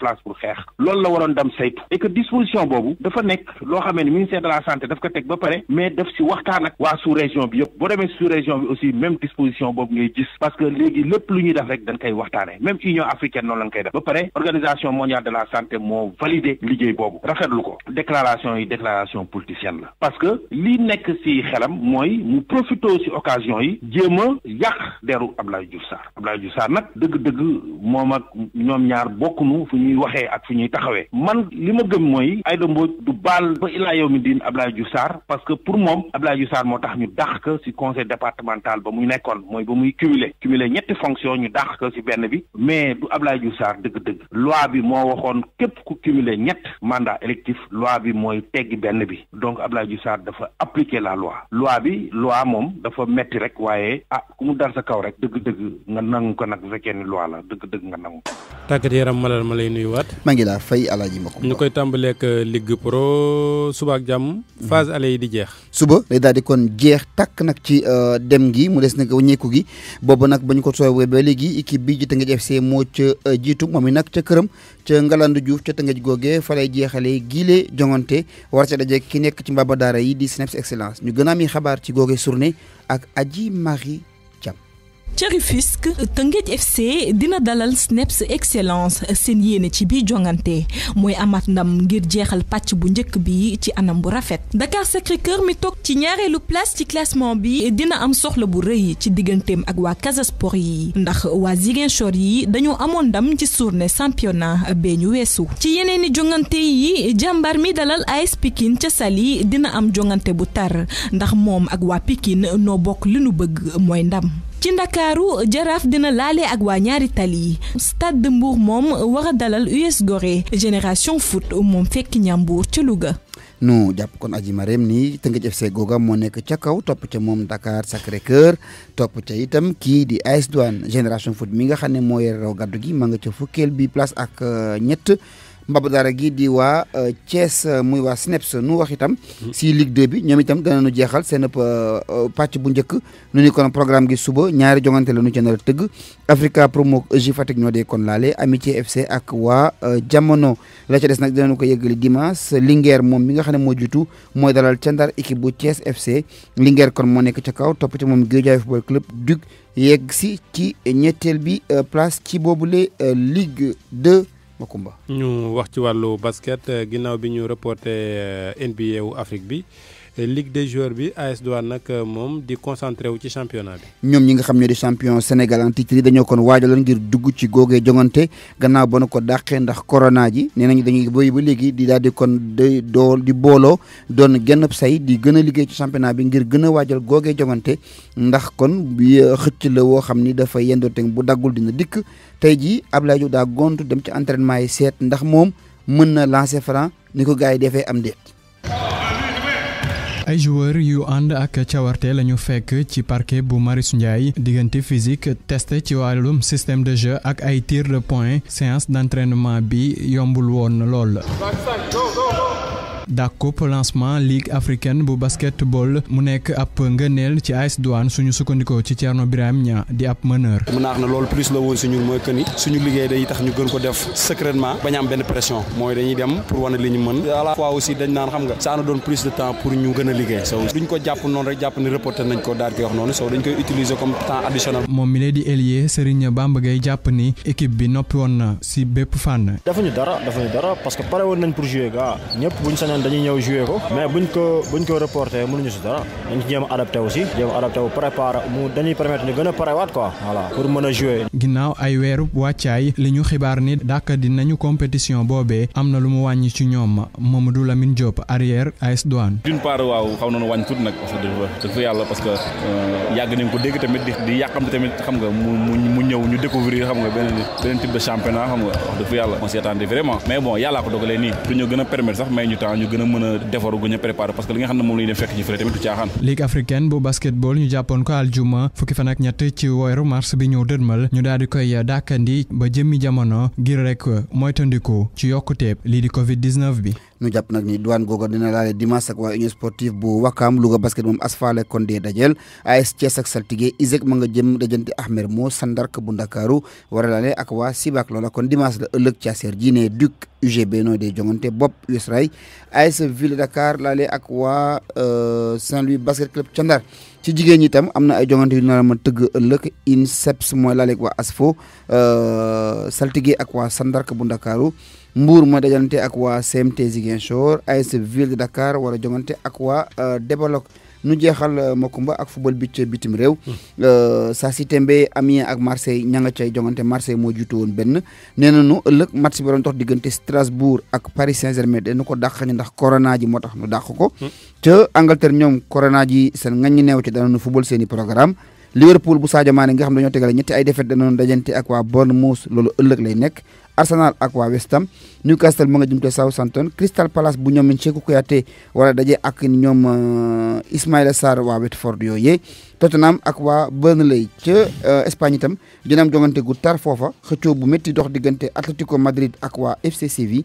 place pour faire. loolu la waroon dem et que disposition bobu, de nekk loo xamee ministère de la santé de ko teg ba mais de si waxtaan ak sous région bio, yëpp boo sous région aussi même disposition bobu, ngay gis parce que les lépp plus nid def rek dañ koy même union africaine non lañ kay def ba organisation mondiale de la santé valide validé liggéey boobu rafetlu ko déclaration et déclaration politicienne la parce que li si xelam moi mu profité aussi occasion yi jéem a yàq deru Abdoulaye Diouf Sarr Abdoulaye Diouf de nag moi dëgg moom ak ñoom ñaar ñuy waxee ak fu ñuy taxawee man li ma gëm mooy Aïda Mbodj du baal ba ilaa yow mi diin Abdoulaye Diouf Sarr parce que pour moom Abdoulaye Diouf saar moo tax ñu dàq ko ci conseil départemental ba muy nekkoon mooy ba muy cumuler cumuler ñetti fonction ñu dàq ko benn bi mais du Abdoulaye Diouf saar dëgg-dëgg loi bi moo waxoon képp ku cumuler ñett mandat électif loi bi mooy teggi benn bi donc Abdoulaye Diouf saar dafa appliquer la loi loi bi loi moom dafa metti rek waaye ah ku mu dal sa kaw rek dëgg-dëgg nga nangu ko nag fekkee ni loi la dëgg-dëgg nga nangu. nuyuwaat. maa ngi laa fay alaaji Makumba. ñu koy tàmbaleek euh, Ligue Pro suba ak jàmm. Mhm. phase aller di jeex. suba day daal di kon jeex takk nag ci euh, dem gi mu des nag ñeeku gi boobu nag ba ñu ko soobee ba léegi équipe bi ji Teungueth FC moo ca euh, jiitu moom i nag ca këram ca Ngalandou Diouf ta Teungueth googee fa lay jeexalee giile jongante war ca daje ki nekk ci mbaba daara yi di SNEPS excellence ñu gën a am xabaar ci googee journée ak Adji Marie ca Rufisque Teungueth FC dina dalal SNEPS excellence seen yéene ci biir jongante mooy amaat ndam ngir jeexal pàcc bu njëkk bi ci anam bu rafet Dakar Sacré-Cœur mi toog ci ñaareelu place ci classement bi dina am soxla bu rëy ci digganteem ak waa Casa yi ndax waa Ziguinchor yi dañoo amoon ndam ci journée championnat bee ñu weesu ci yeneeni jongante yi jàmbaar mi dalal AS Pikine ca Saly dina am jongante bu tar ndax moom ak waa Pikine noo bokk li nu bëgg mooy ndam ci ndakaaru jaraaf dina laale ak waa ñaari tali stade de Mbour moom war a dalal s Gorée génération foot moom fekk ñambuur ci Louga. nu jàpp kon aji mareem nii Teungueth FC googa moo nekk ca kaw topp ca moom ndakaar Sacré Cœur topp ca itam kii di AS Douanes génération foot mi nga xam ne moo yore raw gàddu gi ma nga ca fukkeel bi place ak euh, ñett. mbabu dara gi di waa euh, Thiès euh, muy waa SNEPS euh, nu wax itam si Ligue 2 bi ñoom itam danañu jeexal seen pàcc bu njëkk nu ni kon programme gi suba ñaari jongante la nu ca nar a tëgg Africa Promo EJ Fatick kon laale Amitié FC ak waa Jamono la ca des nag dinañu ko yëgali dimanche Linguère moom mi nga xam ne moo jiitu mooy dalal ca Ndar équipe bu Thiès FC Linguère kon moo nekk ca kaw toppati moom Guédiawaye Football Club Duc yegg si ci ñetteel bi place ci boobule Ligue 2 Makumba ñu wax ci wàllu basket eh, ginnaaw bi ñu reporté eh, NBA wu Afrique bi. ligue des joueurs bi AS Douane nak euh, mom di concentré wu ci championnat bi. ñom ñi nga xam ñoo di champion Sénégal en titre dañu kon waajaloon ngir dugg ci gogé jongante gannaaw bon ko daxé ndax corona ji nee dañuy boy ba légui di daal di kon de dol di bolo doon genn say di gëna a ci championnat bi ngir gëna wajal gogé googee jongante ndax kon bi euh, xëcc la wo xamni dafa yendoo bu dagul dina dikk tay ji Abdoulaye Diouf daa gont dem ci entraînement yi seet ndax mom mëna lancer franc niko ko gars am déet. ay joueur yu ànd ak cawarte la ñu fekk ci parke bu Marius Ndiaye diggante physique test ci wàllum système de jeu ak ay tir de point séance d'entraînement bi yombul woon lool. dàkkub lancement ligue africaine bu basketball mu nek ap ngeenel ci AS Douane suñu sukkandikoo ci Thierno Birame Nia di ap meneur. mën naa wax ne plus la won suñu moy mooy ni suñu liggéey day tax ñu gën ko def secretement bañ am ben pression moy dañuy dem pour wane li ñu mën à la fois aussi dañ naan xam nga ça na donne plus de temps pour ñu gën a so duñ ko japp non rek japp ni reporter nañ ko daal di wax non so dañ koy utiliser comme temps additionnel. mom mi lay di ailier Serigne Bamba Gueye jàpp ni équipe bi nopi woon na bép fan fànn. defuñu dara defuñu dara parce que paré won nañ pour jouer ga ñëpp buñ sañoon dañu dañuy ñëw jouer ko mais buñ ko buñ ko reporté mënuñu si dara dañ ci jéem a adapté aussi jéem a adapté wu préparé mu dañuy permettre ñu gën a parewaat quoi di pour mën ñu xibaar ni dàkk boobee am na lu mu wàññi ci ñoom Mamadou Lamine Diop arrière AS Douane. d'une part waaw xaw nañu wàññi tuuti nag parce que dafa yàlla parce que euh, yàgg nañ ko dégg tamit di yàqamte tamit xam nga mu ñëw ñu découvrir xam nga beneen beneen type championnat xam nga wax du ñu gën a permettre sax may ñu gën a mën a defaru gën a préparé parce que li nga xam ne moom la ñuy dem fekk ci fële tamit du caaxaan ligue africaine bu basketball ñu jàppoon ko aljuma fukki fan ak ñett ci weeru mars bi ñëw dëdmal ñu daal di koy dàkkandi ba jëmmi jamono ngir rek moytandikoo ci yokkuteeb lii di covid 19 bi ñu jàpp nag ni douane googa dina laale dimanche ak waa union sportive bu Wakaam Louga basket moom asfaale kon dee dajeel AS Thiès ak saltige ISEC ma nga jëm dajante Ahmed moo sandark bu Ndakaaru war a laale ak waa Sibaak loola kon dimanche la ëllëg Thiaser jiine dukk UGB nooy dee jongante bop US Rail AS Ville Dakar laale ak waa euh, Saint-Louis basket club ca Ndar ci jigéen ñi itam am na ay jongante yu nar ma tëgg ëllëg INSEPS mooy laale ak waa ASFO euh, saltige ak waa sandark bu Ndakaaru Mbour mooy dajalante ak waa CMT Ziguinchor ASC Ville de Dakar war a jongante ak waa euh, Développe ñu jeexal euh, Makumba ak football bi ca bitim réew. Hmm. Euh, saa si tembe Amiens ak Marseille ña nga cay jongante Marseille moo jiitu woon benn. nee nañu ëllëg match bi doon dox diggante Strasbourg ak Paris Saint-Germain dañu ko dàq ñu ndax corona ji moo tax ñu dàq ko. Hmm. ca Angleterre ñoom corona seen ngañ ñu neew football seen i programme. Liverpool bu Sadio Mané nga xam dañoo tegale ñetti ay défaite danoon dajante ak waa ëllëg lay nekk. Arsenal ak waa West Ham Newcastle mu nga jëm te Southampton Crystal Palace bu ñoom Cheikhou Kouyaté wala daje ak ñoom euh, Ismaïla Sarr waa Watford yooyee Tottenham ak waa Burnley ca euh, Espagne itam dina am jongante gu tar foofa xëccoo bu métti doox diggante Atlético Madrid ak waa FC Séville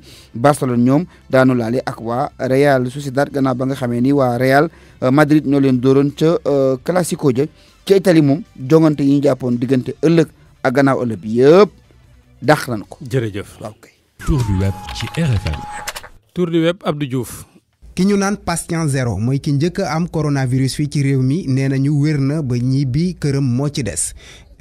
ñoom daano laale ak waa Real Sociedad gannaaw ba nga xamee ni waa Real euh, Madrid ñoo leen dooroon ca Classico ja ca Italie moom jongante yi ñu jàppoon diggante ëllëg a gannaaw ëllëg yëpp. dàq nañ ko. jërëjëf waaw kay. tour du web ci RFM. tour du web Abdou Diouf. ki ñu naan patient zéro mooy ki njëkk am coronavirus fii ci réew mi nee nañu wér na ba ñibbi këram moo ci des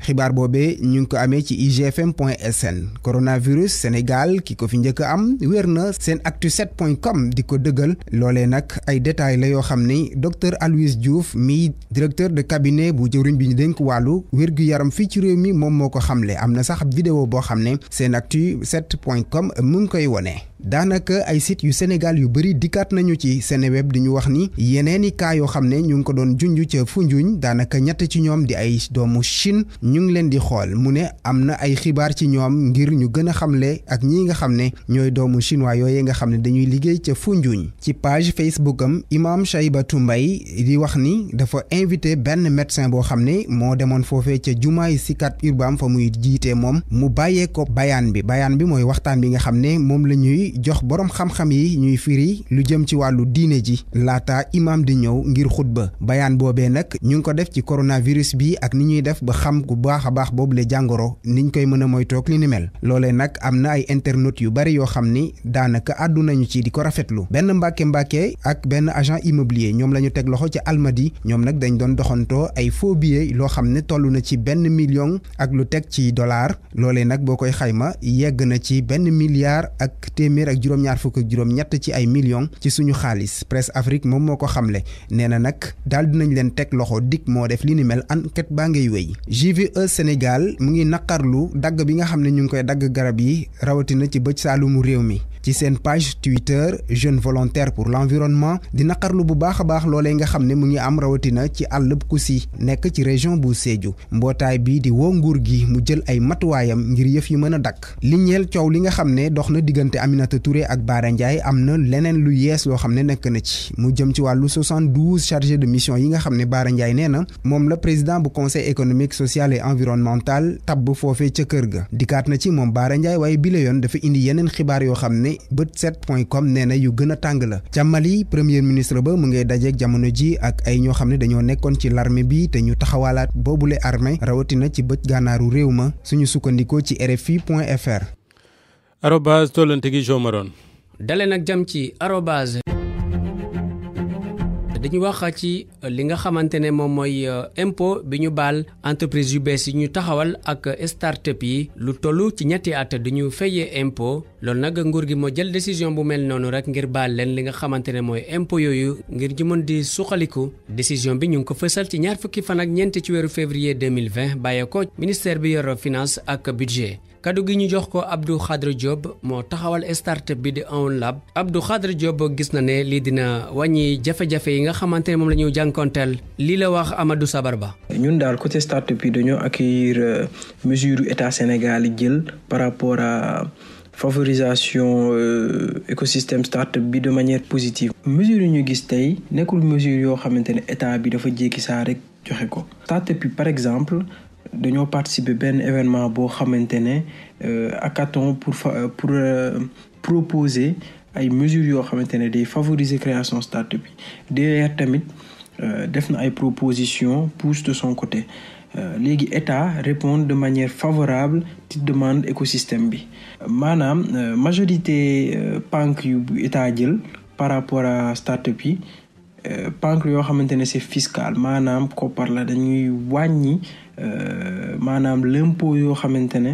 xibaar boobee ñu ngi ko amee ci igfm point sn coronavirus Sénégal ki ko fi njëkk am wéer na seen actu 7 point com di ko dëggal loole nag ay détails la yoo xam ni docteur Aloyse Diouf mii directeur de cabinet bu jëwriñ bi ñu dénk wàllu wér-gu-yaram fii ci réew mi moom moo ko xamle am na sax vidéo boo xam ne seen actu 7 point com mu ngi koy wone daanaka ay site yu Sénégal yu bëri dikkaat nañu ci Seneweb di ñu wax ni yeneen i cas yoo xam ne ñu ngi ko doon junju ca Foundiougne daanaka ñett ci ñoom di ay doomu Chine ñu ngi leen di xool mu ne am na ay xibaar ci ñoom ngir ñu gën a xamle ak ñii nga xam ne ñooy doomu chinois yooyee nga xam ne dañuy liggéey ca Foundiougne ci page Facebook am Imam Shaibatou mbay di wax ni dafa invité benn médecin boo xam ne moo demoon foofee ca jumaay Scat Urbam fa muy jiitee moom mu bàyyee ko bayaan bi bayaan bi mooy waxtaan bi nga xam ne moom la ñuy jox boroom xam-xam yi ñuy firi lu jëm ci wàllu diine ji laata imaam di ñëw ngir xutba bayaan boobee nag ñu ngi ko def ci coronavirus bi ak ni ñuy def ba xam bu baax a baax boobu la jàngoro ni ñu koy mën a moytoog li loolee nag am na ay internautes yu bari yoo xam ni daanaka àddu nañu ci di ko rafetlu benn mbàkke mbàkke ak benn agent immobilier ñoom la ñu teg loxo ci almadi ñoom nag dañu doon doxantoo ay faux loo xam ne toll na ci benn million ak lu teg ci dollar loolee nag boo koy xayma yegg na ci benn milliard téeméer ak juróom-ñaar fukk ñett ci ay million ci suñu xaalis Presse Afrique moom moo ko xamle nee na nag daal dinañ leen teg loxo dik moo def li ni mel enquête baa ngay wéy JVE Sénégal mu ngi naqarlu dagg bi nga xam ne ñu ngi koy dagg garab yi rawatina ci bëj saalumu réew mi ci seen page Twitter jeune volontaire pour l'environnement di naqarlu bu baax a baax loolee nga xam ne mu ngi am rawatina ci àll bu Kossy nekk ci région bu Sédhiou mbootaay bi di woo nguur gi mu jël ay matuwaayam ngir yëf yi mën a dakk li ñeel coow li nga xam ne dox na diggante Aminata ture ak Bara Ndiaye am na leneen lu yees loo xam ne nekk na ci mu jëm ci wàllu 72 chargé de mission yi nga xam ne Bara Ndiaye nee na moom la président bu conseil économique social et environnemental tabb foofee ca kër ga na ci moom Bara Ndiaye waaye bi la yoon dafa indi yeneen xibaar yoo xam ne yéenekaay bët set point com nee na yu gën tàng la ca Mali premier ministre ba mu ngay dajeek jamono ji ak ay ñoo xam ne dañoo nekkoon ci l'armée bi te ñu taxawalaat boobule armée rawatina ci bët gànnaaru réew ma suñu sukkandikoo ci RFI point fr arobase tollante gi Jo Maron dale nag jam ci arobase dañu wax ci euh, li nga xamante ne moom mooy euh, impôt bi ñu baal entreprise yu bees yi ñu taxawal ak euh, start yi lu toll ci ñetti at duñu fayee impôt loolu nag nguur gi moo jël décision bu mel noonu rek ngir baal leen li nga xamante ne mooy impôt yooyu ngir ji mën di suqaliku décision bi ñu ngi ko fësal ci ñaar fukki fan ak ñeent ci weeru février 2020 bàyyee ko ministère bi yor finance ak budget kaddu gi ñu jox ko Abdou Khadre Diop moo taxawal startup bi di Own Lab Abdou Khadre Diop gis na ne lii dina wàññi jafe-jafe yi nga xamante ne moom la ñuy jànkonteel lii la wax Amadou Sabar Ba. ñun daal côté startup yi dañoo accueillir euh, mesure état Sénégal jël par rapport à. favorisation euh, écosystème start-up bi de manière positive mesure ñu gis tey nekkul mesure yoo xamante ne état bi dafa jékki saa rek joxe ko start yi par exemple dañoo participer benn événement boo xamante ne euh, hackathon pour euh, pour euh, proposer ay mesures yoo xamante ne day favoriser création start-up bi DER tamit def na ay propositions pousse de son côté léegi état répondre de manière favorable ci demande écosystème bi maanaam majorité pank yu état jël par rapport à start-up yi pank yoo xamante ne c'est fiscal maanaam koppar la dañuy wàññi Euh, maanaam l'impôt yoo xamante ne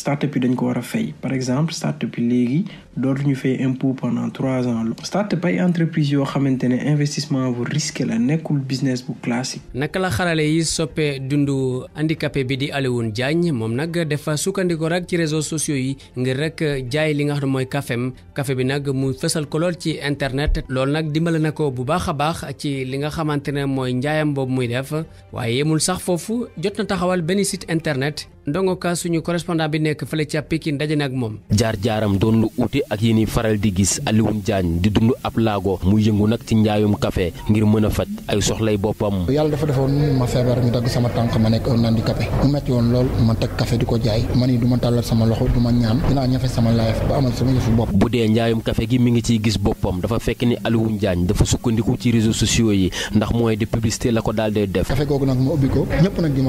startup yi dañ ko war a fay par exemple startup yi léegi dootuñu fait impôt pendant trois ans startup pay entreprise yo xamantene investissement bu risqué la nekul business bu classique. nak la xaralé yi soppé dundu handicapé bi di Alioune jagne mom nag Defa sukkandiku rek ci réseaux sociaux yi ngir rek jaay li nga xam moy mooy kafem bi nak mu fessel ko ci internet loolu nak dimbale na ko bu baaxa baax ci li nga xamantene moy mooy njaayam muy def waye yemul sax fofu jot na taxawal benn site internet ndongo ka suñu correspondant bi nek fële ci jar jaram nak mom jaar jaaram uti yi ak yéen faral di gis Alioune Diagne di dund ab laago mu yëngu nag ci njaayum café ngir mën a faj ay soxlay boppam. yàlla dafa defoon ma feebar ñu dagg sama tànk ma nekk un handicapé mu metti woon lool ma teg café di ko jaay ma ni du ma sama loxo du ñaan dinaa ñafe sama laayaf ba amal sama yëfu bopp. bu dee njaayum café gi mi ngi ciy gis boppam dafa fekk ni Alioune Diagne dafa sukkandiku ci réseaux sociaux yi ndax moyen de publicité la ko daal di def. café googu nag ma ubbi ko ñëpp nag di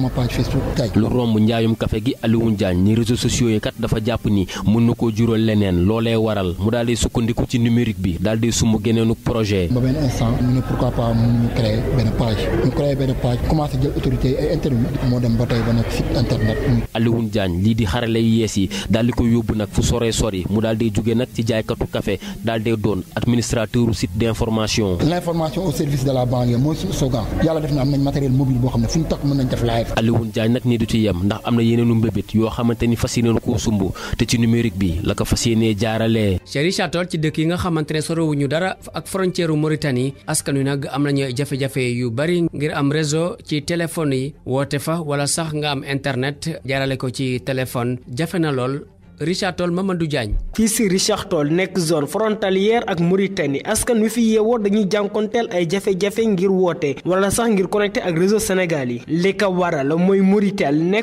ma romb njaayum kafe gi Alioune Diagne ni réseaux sociaux yi kat dafa jàpp ni mën na koo jural leneen loolee waral mu daal sukkandiku ci numérique bi daal di sumb geneenu projet. ba benn instant ñu ne pourquoi pas mu créer benn page ñu créer benn page commencé jël autorité ay interview moo dem ba tey ba nag site internet. Alioune Diagne lii di xarale yu yees yi daal di ko yóbbu nag fu soree sori mu daal di jóge nag ci jaaykatu kafe daal di doon administrateur site d'information. l'information au la banlieue mooy slogan yàlla yem ndax am na yeneenu mbébét yoo xamante ni fas yéene koo sumb te ci numérique bi la ko fas yéenee jaaralee. Chérif Chatol ci dëkk yi nga xamante ne sorowuñu dara ak frontière Mauritanie askan wi nag am nañu jafe-jafe yu bari ngir am réseau ci téléphone yi woote fa wala sax nga am internet jaarale ko ci téléphone jafe na lool Richard Tol Mamadou Diagne. fii si Richard Tol, nekk zone frontalière ak Mauritanie askan wi fi yeewoo dañuy jànkonteel ay jafe-jafe ngir woote wala sax ngir connecté ak réseau Sénégal yi li ko waral mooy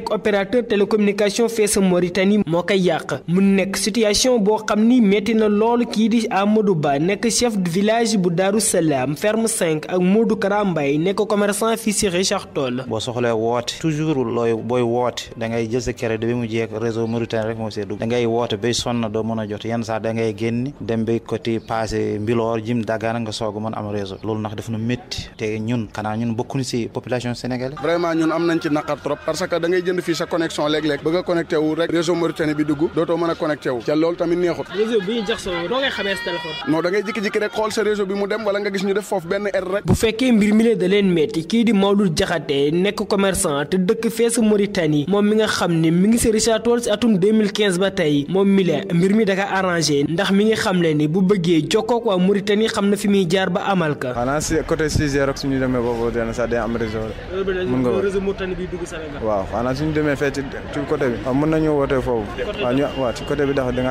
opérateur télécommunication fee Mauritanie moo koy mu situation boo xam ni métti na Moudouba. kii di Amadou chef de village bu Salam. Salaam ferme 5 ak Modou karambay commerçant fii Richard Toll. boo soxlee toujours looy boy woote da ngay bi mu réseau Mauritanie rek dangay ngay woote bay sonn doo mën a jot yenn saa da ngay génn dem bay côté passé Mbilor jim Dagana nga soog a mën am réseau loolu nag daf na métti te ñun mën a connecté wu te loolu tamit neexut. réseau bi ñu jax sa doo ngay jikki-jikki rek xool sa réseau bi mu dem wala nga gis ñu def foofu benn erreur rek. bu fekkee mbir mi da leen métti kii di Maodo Diakhaté nekk commerçant te dëkk feesu Mauritanie moom mi nga xam ne mi ngi si Richard Toll si atum ba tey moom mile mbir mi daka arrangé ndax mi ngi xam ne ni bu bëggee jokkook waa Mauritanie xam na fi muy jaar ba amal ka. xanaa si côté Cissé rek bi dugg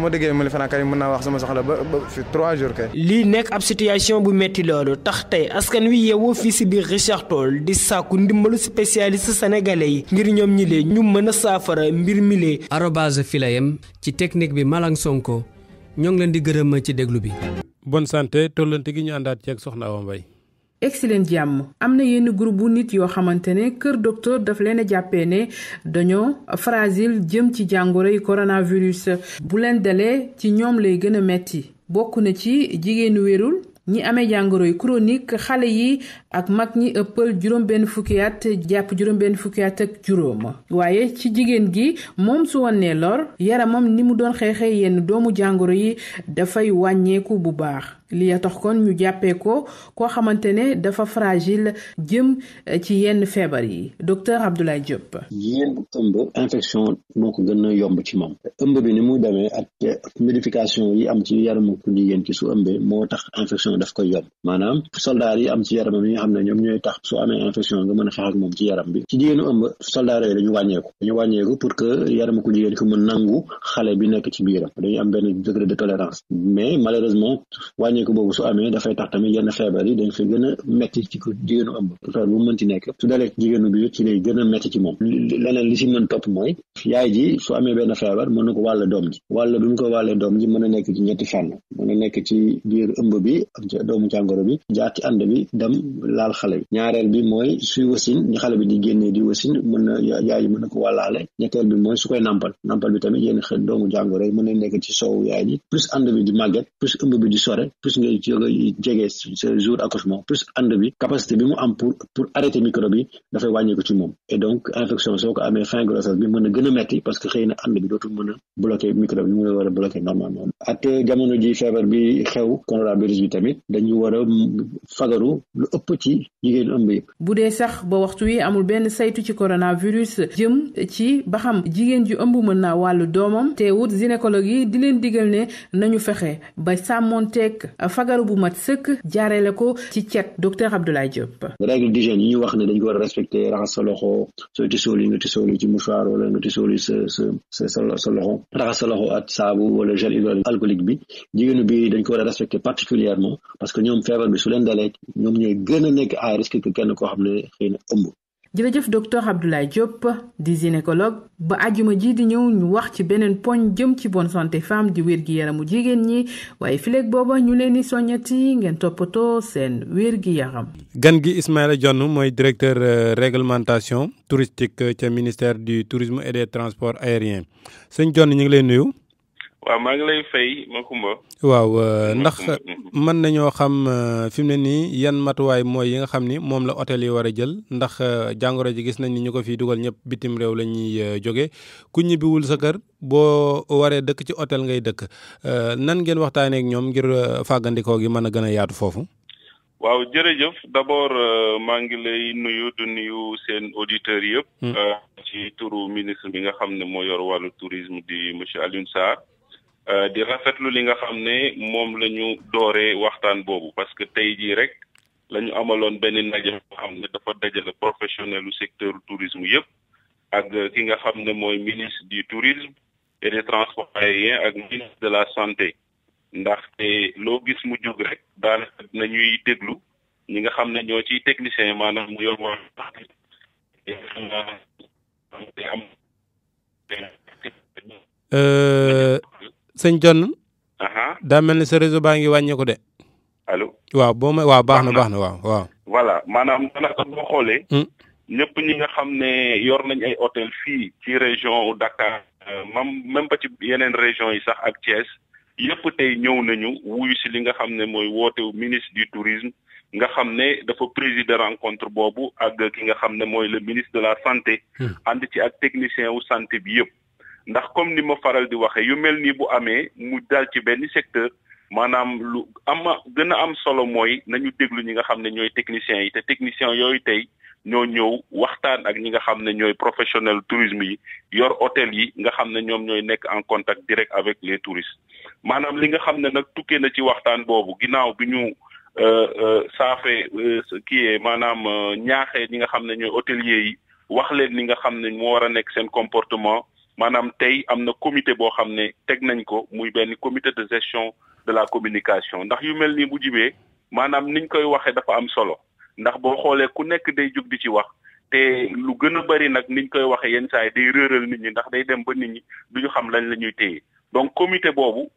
ma déggee Moulay Fana kay mën naa wax sama soxla ba ba fi trois jours kay. lii nekk ab si biir Richard Toll di sàkku ndimbalu sa sénégalais yi ngir ñoom ñi ñu mën a saafara mbir mi arobase filayem ci technique bi Malang Sonko ñoo ngi leen di gërëm ci déglu bi. bon santé tollante gi ñu àndaat ci ak soxna Awa leen excellent jàmm am na yenn groupe bu nit yoo xamante ne kër docteur daf leen a jàppee ne dañoo fragile jëm ci jàngoro yi coronavirus bu leen dalee ci ñoom lay gën a metti bokk na ci jigéenu wérul ñi amee jàngoro yu chronique xale yi ak mag ñi ëppal juróom-benn fukki at jàpp juróom-benn fukki at ak juróom waaye ci jigéen gi moom su wonee lor yaramam ni mu doon xeexee yenn doomu jàngoro yi dafay wàññeeku bu baax. li ya kon ñu jàppee ko koo xamante ne dafa fragile jëm eh, ci yenn feebar yi docteur Abdoulaye Diop. yéen ëmb infection moo ko gën a yomb ci moom ëmb bi ni muy demee ak modification yi am ci yaramu ku jigéen ki su ëmbee moo tax infection daf koy yomb maanaam soldaar yi am ci yaramam yi ñu xam ne ñoom ñooy tax su amee infection nga mën a xeex moom ci yaram bi ci jigéenu ëmb soldaar yooyu dañu wàññeeku dañu pour que yaramu ku jigéen ki mën nangu xale bi nekk ci biiram dañuy am benn degré de tolérance mais malheureusement wàññeeku boobu su amee dafay tax tamit yenn feebar yi dañ fay gën a metti ci ko jigéenu ëmb feebar bu mënti nekk su dalee jigéenu biir ci a doom ji bi mu ko wàllee doom ji mën a nekk ci ñetti fànn mën a nekk ci biir bi doomu jàngoro bi jaar ci ànd laal xale bi ñaareel bi mooy suy wasin xale bi di génnee di wasin mën na yaay ji mën ko wàllaale ñetteel bi mooy su koy nàmpal nàmpal bi tamit yenn xel doomu jàngoro yi mën na nekk ci soow yaay ji plus ànd bi di màgget plus ëmb bi di sore plus ngay jege ce jour accouchement plus ànd bi capacité bi mu am pour pour arrêter microbe yi dafay ko ci moom et donc infection soo ko amee fin grossesse bi mën a gën a metti parce que xëy na ànd bi dootul mën a bloquer microbe yi mu la war a bloquer normalement ak jamono ji feebar bi xew coronavirus bi tamit dañu war a fagaru lu ëpp ci jigéen ëmb yëpp bu dee sax ba waxtu wi amul benn saytu ci coronavirus jëm ci ba xam jigéen ju ëmb mën naa wàllu doomam te wut gynécologue yi di leen digal ne nañu fexe ba sàmmoonteek fagaru bu mat sëkk jaareele ko ci cet docteur Abdoulaye Diop. règle d'hygiène yi ñu wax ne dañ ko war a respecté raxas sa loxo sooy tisool yi nga tisool yi ci mouchoir wala nga tisool yi sa sa sa loxo raxas sa loxo ak saabu wala gel hydroalcoolique bi jigéenu bi dañ ko war a respecté particulièrement parce que ñoom feebar bi su leen dalee ñoom ñooy gën a nekk à risque que kenn koo xam ne xëy na ëmb jërëjëf docteur Abdoulaye Diop di gynécologue ba ajuma ji di ñëw ñu wax ci beneen poñ jëm ci bonne santé femme di wér gi yaramu jigéen ñi waaye fileeg booba ñu leen di soññati ngeen toppatoo seen wér gi yaram. gan gi Ismaïla jonn mooy directeur euh, réglementation touristique ca ministère du tourisme et des transports aériens sëñ jonn ñu ngi lay nuyu. waaw maa ngi lay fay Makumba. waaw euh, ndax euh, mën nañoo xam euh, fi mu ne nii yan matuwaay mooy yi nga xam ni moom la hôtel yi war a jël ndax jàngoro ji gis nañ ni ñu ko fi dugal ñëpp bitim réew la ñuy jóge ku ñibbiwul sa kër boo waree dëkk ci hôtel ngay dëkk nan ngeen waxtaanee ak ñoom ngir fàggandikoo gi mën a gën a yaatu foofu. waaw jërëjëf d'abord maa ngi lay nuyu du nuyu seen auditeurs yëpp. Hmm. ci turu ministre bi nga xam ne moo yor wàllu tourisme di monsieur Alioune Euh, di rafetlu li nga xam ne moom la ñu dooree waxtaan boobu parce que tey jii rek la ñu amaloon benn ndaje boo xam ne dafa dajale professionnel du secteur tourisme yëpp ak ki nga xam ne mooy ministre du tourisme et des transports aériens ak ministre de la santé ndax ndaxte loo gis mu jóg rek daanaka nañuy déglu ñi nga xam ne ñoo ciy technicien maanaam mu yor wàllu am sëñ John. daa mel ni sa réseau baa ngi wàññeeku de. allo waaw boo ma waaw baax na baax na waaw waaw. voilà maanaam daanaka boo xoolee. Hmm. ñëpp ñi nga xam ne yor nañ ay hôtel fii ci région wu Dakar euh, mam même ba ci yeneen région yi sax ak Thiès yëpp tey ñëw nañu wuyu si li nga xam ne mooy wootewu ministre du tourisme nga xam ne dafa présider rencontre boobu ak ki nga xam ne mooy le ministre de la santé. Hmm. ànd ci ak technicien wu santé bi yëpp. ndax comme ni ma faral di waxe yu mel ni bu amee mu dal ci benn secteur maanaam lu am gën a am solo mooy nañu déglu ñi nga xam ne ñooy techniciens yi te technicien yooyu tey ñoo ñëw waxtaan ak ñi nga xam ne ñooy professionnel tourisme yi yor hôtel yi nga xam ne ñoom ñooy nekk en contact direct avec les touristes maanaam li nga xam ne nag tukkee na ci waxtaan boobu ginnaaw bi ñu euh, euh, saafee euh, kii maanaam ñaaxee ñi nga xam ne ñooy hôteliers yi wax leen li nga xam ne moo war a nekk seen comportement manam tay am comité bo xamné ne nañ ko muy benn comité de gestion de la communication ndax yu melni nii bu jibee maanaam niñ koy waxé dafa am solo ndax bo xolé ku nekk day jug di ci wax te lu gëna bari nak niñ koy waxé yeen say day rëreul nit ñi ndax day dem ba nit ñi du ñu xam lañ lañuy ñuy donc comité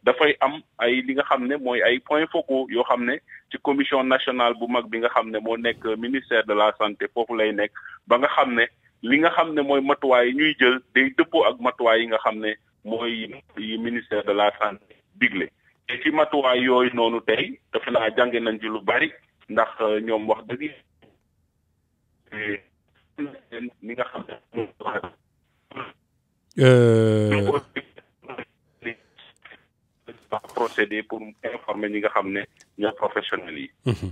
da fay am ay li nga xam moy ay point focaux yo xam ci commission nationale bu mag bi nga xam mo nek ministère de la santé foofu lay nek ba nga xam li nga xam ne mooy matuwaay ñuy jël day dëppoo ak matuwaay yi nga xam ne mooy yi ministère de la santé digle te ci matuwaay yooyu noonu tey dafa naa jànge nañ ci lu bari ndax euh, ñoom wax dëgg li nga xam ne euh. procédé pour informer ñi nga xam ne ñoo professionnels yi mm-hmm.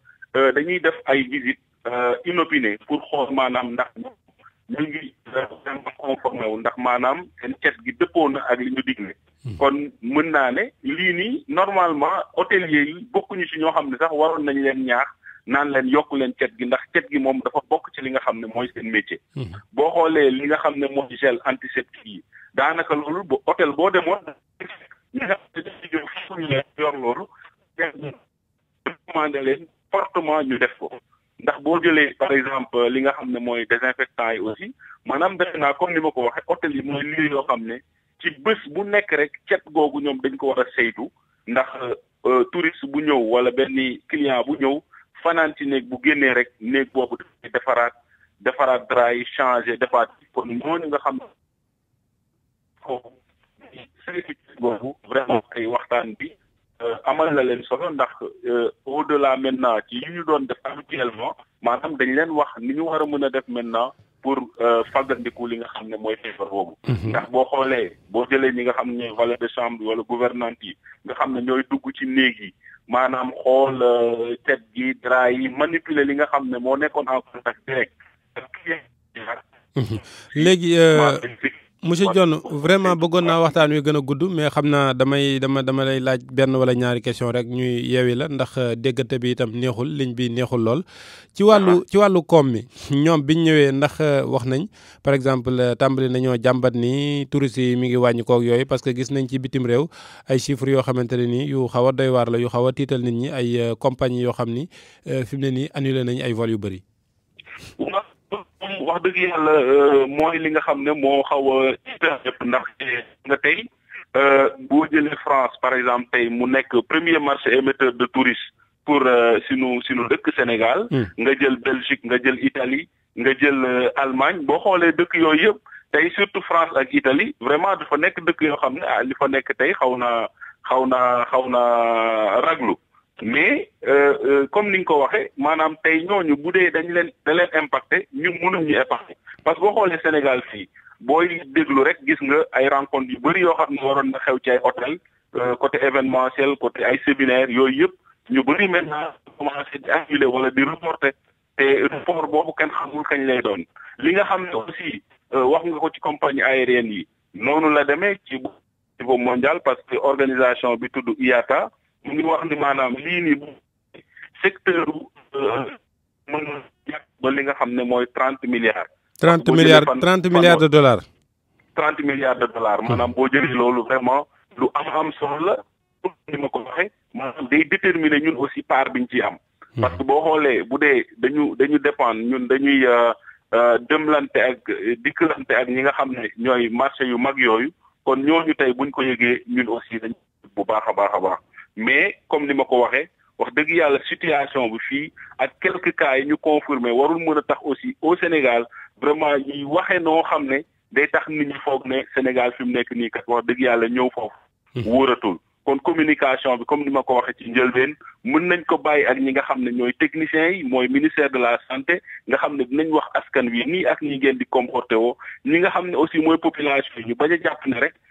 Euh, dañuy def ay visite euh, inopinée pour xool maanaam ndax ñu ngi euh, conformé wu ndax maanaam seen cet gi dëppoo na ak li ñu digle hmm. kon mën naa ne lii nii normalement hôteliers yi bokkuñu ci ñoo xam ne sax waroon nañ leen ñaax naan leen yokk leen cet gi ndax cet gi moom dafa bokk ci li nga xam ne mooy seen métier. Hmm. boo xoolee li nga xam ne mooy gel antiseptique yi daanaka loolu bu hôtel boo demoon ñi nga xam yor loolu leen fortement ñu def ko ndax boo jëlee par exemple li nga xam ne mooy désinfectant yi aussi maanaam defe naa comme ni ma ko waxee hôtel yi mooy lieu yoo xam ne ci bés bu nekk rek cet googu ñoom dañ ko war a saytu ndax euh, touriste bu ñëw wala benn client bu ñëw fanaan ci néeg bu génnee rek néeg boobu dafay defaraat defaraat draay yi changé defaat kon noonu nga xam ne saytu cet googu vraiment ay waxtaan bi amal na leen solo ndax euh, au delà maintenant ci yi ñu doon def habituellement maanaam dañ leen wax ni ñu war a mën a def maintenant pour euh, faggandiku li nga xam ne mooy feebar boobu. Mhm. ndax boo xoolee boo jëlee ñi nga xam ne valet de chambre wala gouvernante yi nga xam ne ñooy dugg ci néeg yi maanaam xool cet euh, gi dra yi manipuler li nga xam ne moo nekkoon en contact direct. Mhm. léegi. monsieur John, vraiment bëggoon waxtaan wi gëna mais xamna damay dama dama lay laaj benn wala ñaari question rek ñuy la ndax euh, déggante bi itam neexul liñ bi neexul lool. ci walu ah. ci mi ndax euh, par exemple euh, tambali de jambat ni touristes mi ngi parce que gis nañ ci bitim rew ay chiffres yo xamanteni yu de doy war la yu xawa nit ñi ay compagnie xamni fimné ni annuler nañ wax dëgg yàlla euh, mooy li nga xam ne moo xaw a ñëpp ndax eh, nga tey euh, boo jëlee France par exemple tey mu nekk premier marché émetteur de touristes pour euh, sunu sunu dëkk Sénégal hmm. nga jël Belgique nga jël Italie nga jël Allemagne boo xoolee dëkk yooyu yëpp tey surtout France ak Italie vraiment dafa nekk dëkk yoo xam ne ah li fa nekk tey xaw naa xaw naa xaw naa raglu mais euh, euh comme niñ ko waxé manam tay ñooñu bu dee dañu leen da leen impacté mënu mënuñu épargner parce que boo xoolee Sénégal fii booy déglu rek gis nga ay rencontre yu bari yo xam ne waroon na xew ci ay hôtel euh, côté événementiel côté ay séminaire yooyu yëpp ñu bari maintenant commencé di annuler wala di reporter té report bobu kenn xamul kañ lay doon li nga xamné ne aussi euh, wax nga ko ci compagnie aérienne yi nonu la démé ci niveau mondial parce que organisation bi tuddu IATA mu ngi wax ni maanaam lii nii bu secteur euh, mën na yàq li nga xam ne mooy trente milliards. trente milliards trente milliards de dollars. trente milliards de dollars maanaam boo jëlee loolu vraiment lu am am solo la pour ni ko waxee maanaam day déterminer ñun aussi bi biñ ci am. Hmm. parce que boo xoolee bu dee dañu dañu dépendre ñun dañuy euh, euh, demlante ak dikkalante ak ñi nga xam ne ñooy marché yu mag yooyu kon ñooñu tey buñ ko yëgee ñun aussi dañ bu baax a baax a baax. mais comme ni ma ko waxee wax dëgg yàlla situation bi fii ak quelques cas yi ñu confirmé warul mën a tax aussi au Sénégal vraiment ñuy waxe noo xam ne day tax nit ñi foog ne Sénégal fi mu nekk nii kat wax dëgg yàlla ñëw foofu hmm. wóoratul kon communication bi comme ni ma ko waxee ci njëlbeen mën nañ ko bàyyi ak ñi nga xam ne ñooy techniciens yi mooy ministère de la santé nga xam ne dinañ wax askan wi nii ak ñi ngeen di comporté woo ñi nga xam ne aussi mooy population yi ñu bañ a jàpp ne rek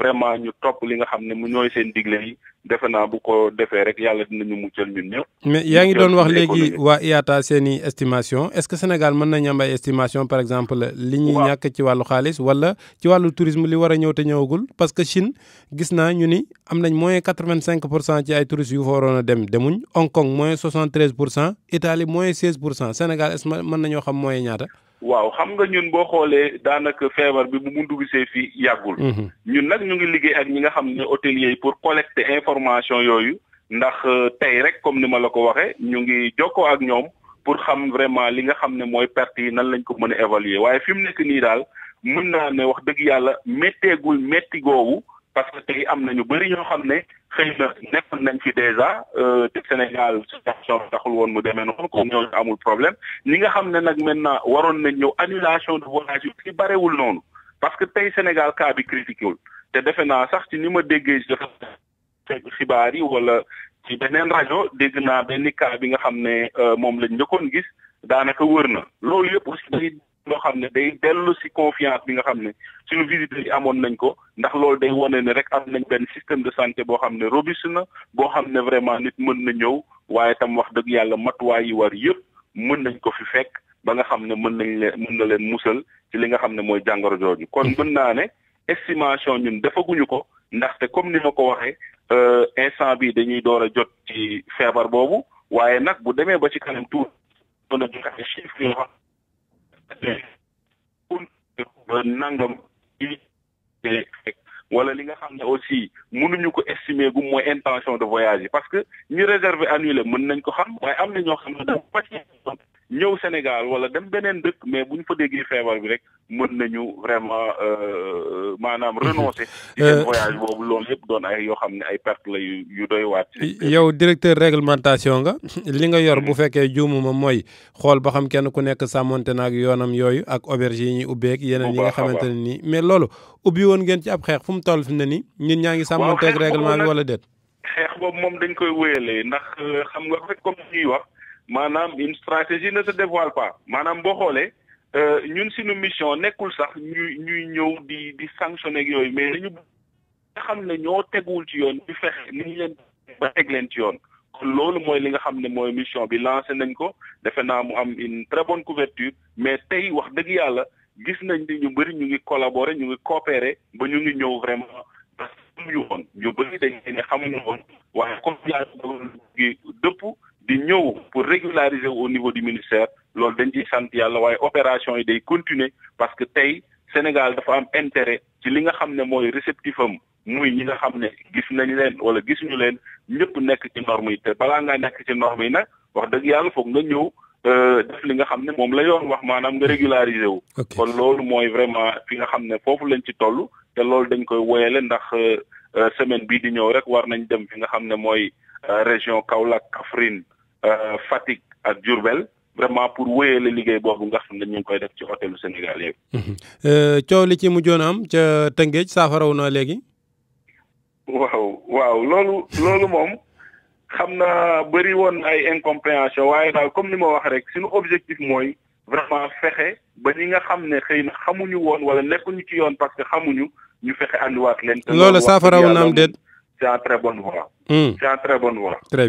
vraiment ñu topp li nga xam ne mu ñooy seen digle yi defe naa bu ko defee rek yàlla dinañu muccal ñun ñëpp. mais yaa ngi doon wax léegi waa IATA seen i estimation est-ce que Sénégal mën nañu am ay estimation par exemple. li ñu ñàkk ci wàllu xaalis wala ci wàllu tourisme li war a ñëw te ñëwagul parce que Chine gis naa ñu ni am nañ moins quatre-vingt-cinq pour cent ci ay touristes yu fa waroon a dem demuñ Hong Kong moins soixante-treize pour cent Italie moins seize pour cent Sénégal est mën nañoo xam moins ñaata. waaw xam nga ñun boo xoolee daanaka feebar bi mu mu duggsee fii yàggul. Mhm. ñun nag ñu ngi liggéey ak ñi nga xam ne hôteliers yi pour collecter information yooyu ndax euh, tey rek comme ni ma la ko waxee ñu ngi jokkoo ak ñoom pour xam vraiment li nga xam ne mooy perte yi nan lañ ko mën a évaluer waaye fi mu nekk nii daal mën naa ne wax dëgg yàlla métteegul métti googu parce que tey am na ñu bëri ñoo xam ne xëy na nekkoon nañ fi déjà euh, te Sénégal situation taxul woon mu demee noonu comme ñooñu amul problème ñi nga xam ne nag maintenant waroon nañ ñëw annulation de voyage ci barewul noonu parce que tey Sénégal cas bi critiqué te defe naa sax ci ni ma déggee xibaar yi wala ci beneen rajo dégg naa benn cas bi nga xam ne euh, moom lañ njëkkoon gis daanaka wër na loolu yëpp aussi loo xam ne day dellu si confiance bi nga xam ne suñu visiteurs yi amoon nañ ko ndax loolu day wane ne rek am nañ benn système de santé boo xam ne robuste na boo xam ne vraiment nit mën na ñëw waaye tam wax dëgg yàlla matuwaay yi war yëpp mën nañ ko fi fekk ba nga xam ne mën nañ leen mën na leen musal ci li nga xam ne mooy jàngoro jooju kon mën naa ne estimation ñun defaguñu ko ndaxte comme ni ma ko waxee euh, instant bi dañuy door a jot ci feebar boobu waaye nag bu demee ba ci kanam nangam wala li nga xam ne aussi mënuñu ko estimer gu mooy intention de voyage yi parce que ñu réserver annulé mën nañ ko xam waaye am na ñoo xam ne dafa ñëw Sénégal wala dem beneen dëkk mais bu ñu fa déggee feebar bi rek mën nañu vraiment euh, euh, maanaam mhm. renoncer. ci euh, seen voyage boobu loolu yëpp doon ay yoo xam ne ay perte la yu yu doy yow directeur réglementation nga mhm. li nga yor bu mhm. fekkee juumuma mooy xool ba xam kenn ku nekk sàmmonte na ak yoonam yooyu ak auberge yi ñuy ubbeek yeneen yi nga xamante ne nii mais loolu ubbi woon ngeen ci ab xeex fu mu toll fi ne nii. ñun ñaa ngi sàmmonteeg règlement bi wala déet. xeex boobu moom dañ koy wéyalee ndax xam nga comme ñuy wax. maanaam une stratégie ne se dévoile pas maanaam boo xoolee euh, ñun suñu mission nekkul sax ñuy ñuy ñëw di di sanctionner ak yooyu mais dañu nga xam ne ñoo teguwul ci yoon ñu fexe ni ñu leen ba teg leen ci yoon kon loolu mooy li nga xam ne mooy mission bi lancé nañ ko defe naa mu am une très bonne couverture mais tey wax dëgg yàlla gis nañ ni ñu bëri ñu ngi collaborer ñu ngi coopérer ba ñu ngi ñëw vraiment parce que ñu woon ñu bëri dañ ne xamuñu woon waaye comme yaa ngi dëpp di ñëw pour régulariser au niveau du ministère loolu dañ ciy sant yàlla waaye opération yi day continuer parce que tey Sénégal dafa am intérêt ci li nga xam ne mooy réceptif am muy ñi nga xam ne gis nañ leen wala gisuñu leen ñëpp nekk ci normes yi te balaa ngaa nekk ci normes yi nag wax dëgg yàlla foog nga ñëw euh, def li nga xam ne moom la yoon wax maanaam nga régulariser wu. kon loolu mooy vraiment fi nga xam ne foofu lañ ci toll te loolu dañ koy woyale ndax euh, euh, semaine bii di ñëw rek war nañ dem fi nga xam ne mooy région Kaolack Kaffrine. Euh, Fatick ak jurbel vraiment pour wéyale liggéey boobu nga xam ne ñu koy def ci hôtelu Sénégal yëpp. Mhm. Euh, coow li ci mujjoon am ca Tëngéej saafaraw na léegi. waaw waaw loolu loolu moom xam naa bëri woon ay incompréhension waaye daal comme ni ma wax rek suñu objectif mooy vraiment fexe ba ñi nga xam ne xëy na xamuñu woon wala nekkuñu ci yoon parce que xamuñu ñu fexe andiwaat leen. loolu saafaraw na am déet. c'est très bonne voie. Hmm. c'est très bonne voie. très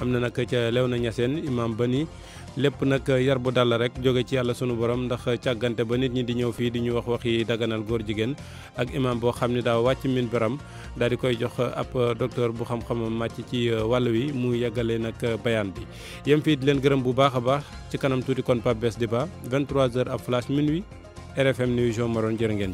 am na nag ca Léona Niassène imam ba ni lépp nag yar bu dal rek jóge ci yàlla sunu borom ndax càggante ba nit ñi di ñëw fii di ñu wax waxi daganal góor jigéen ak imam boo xam ne daa wàcc min baram daal di koy jox ab docteur bu xam-xamam màcc ci uh, wàll wi mu yeggale nag uh, bayaan bi yem fii di leen gërëm bu baax a baax ci kanam tuuti kon Pape Bess Diba 23h ab flash minuit RFM News Maroon jërë ngeen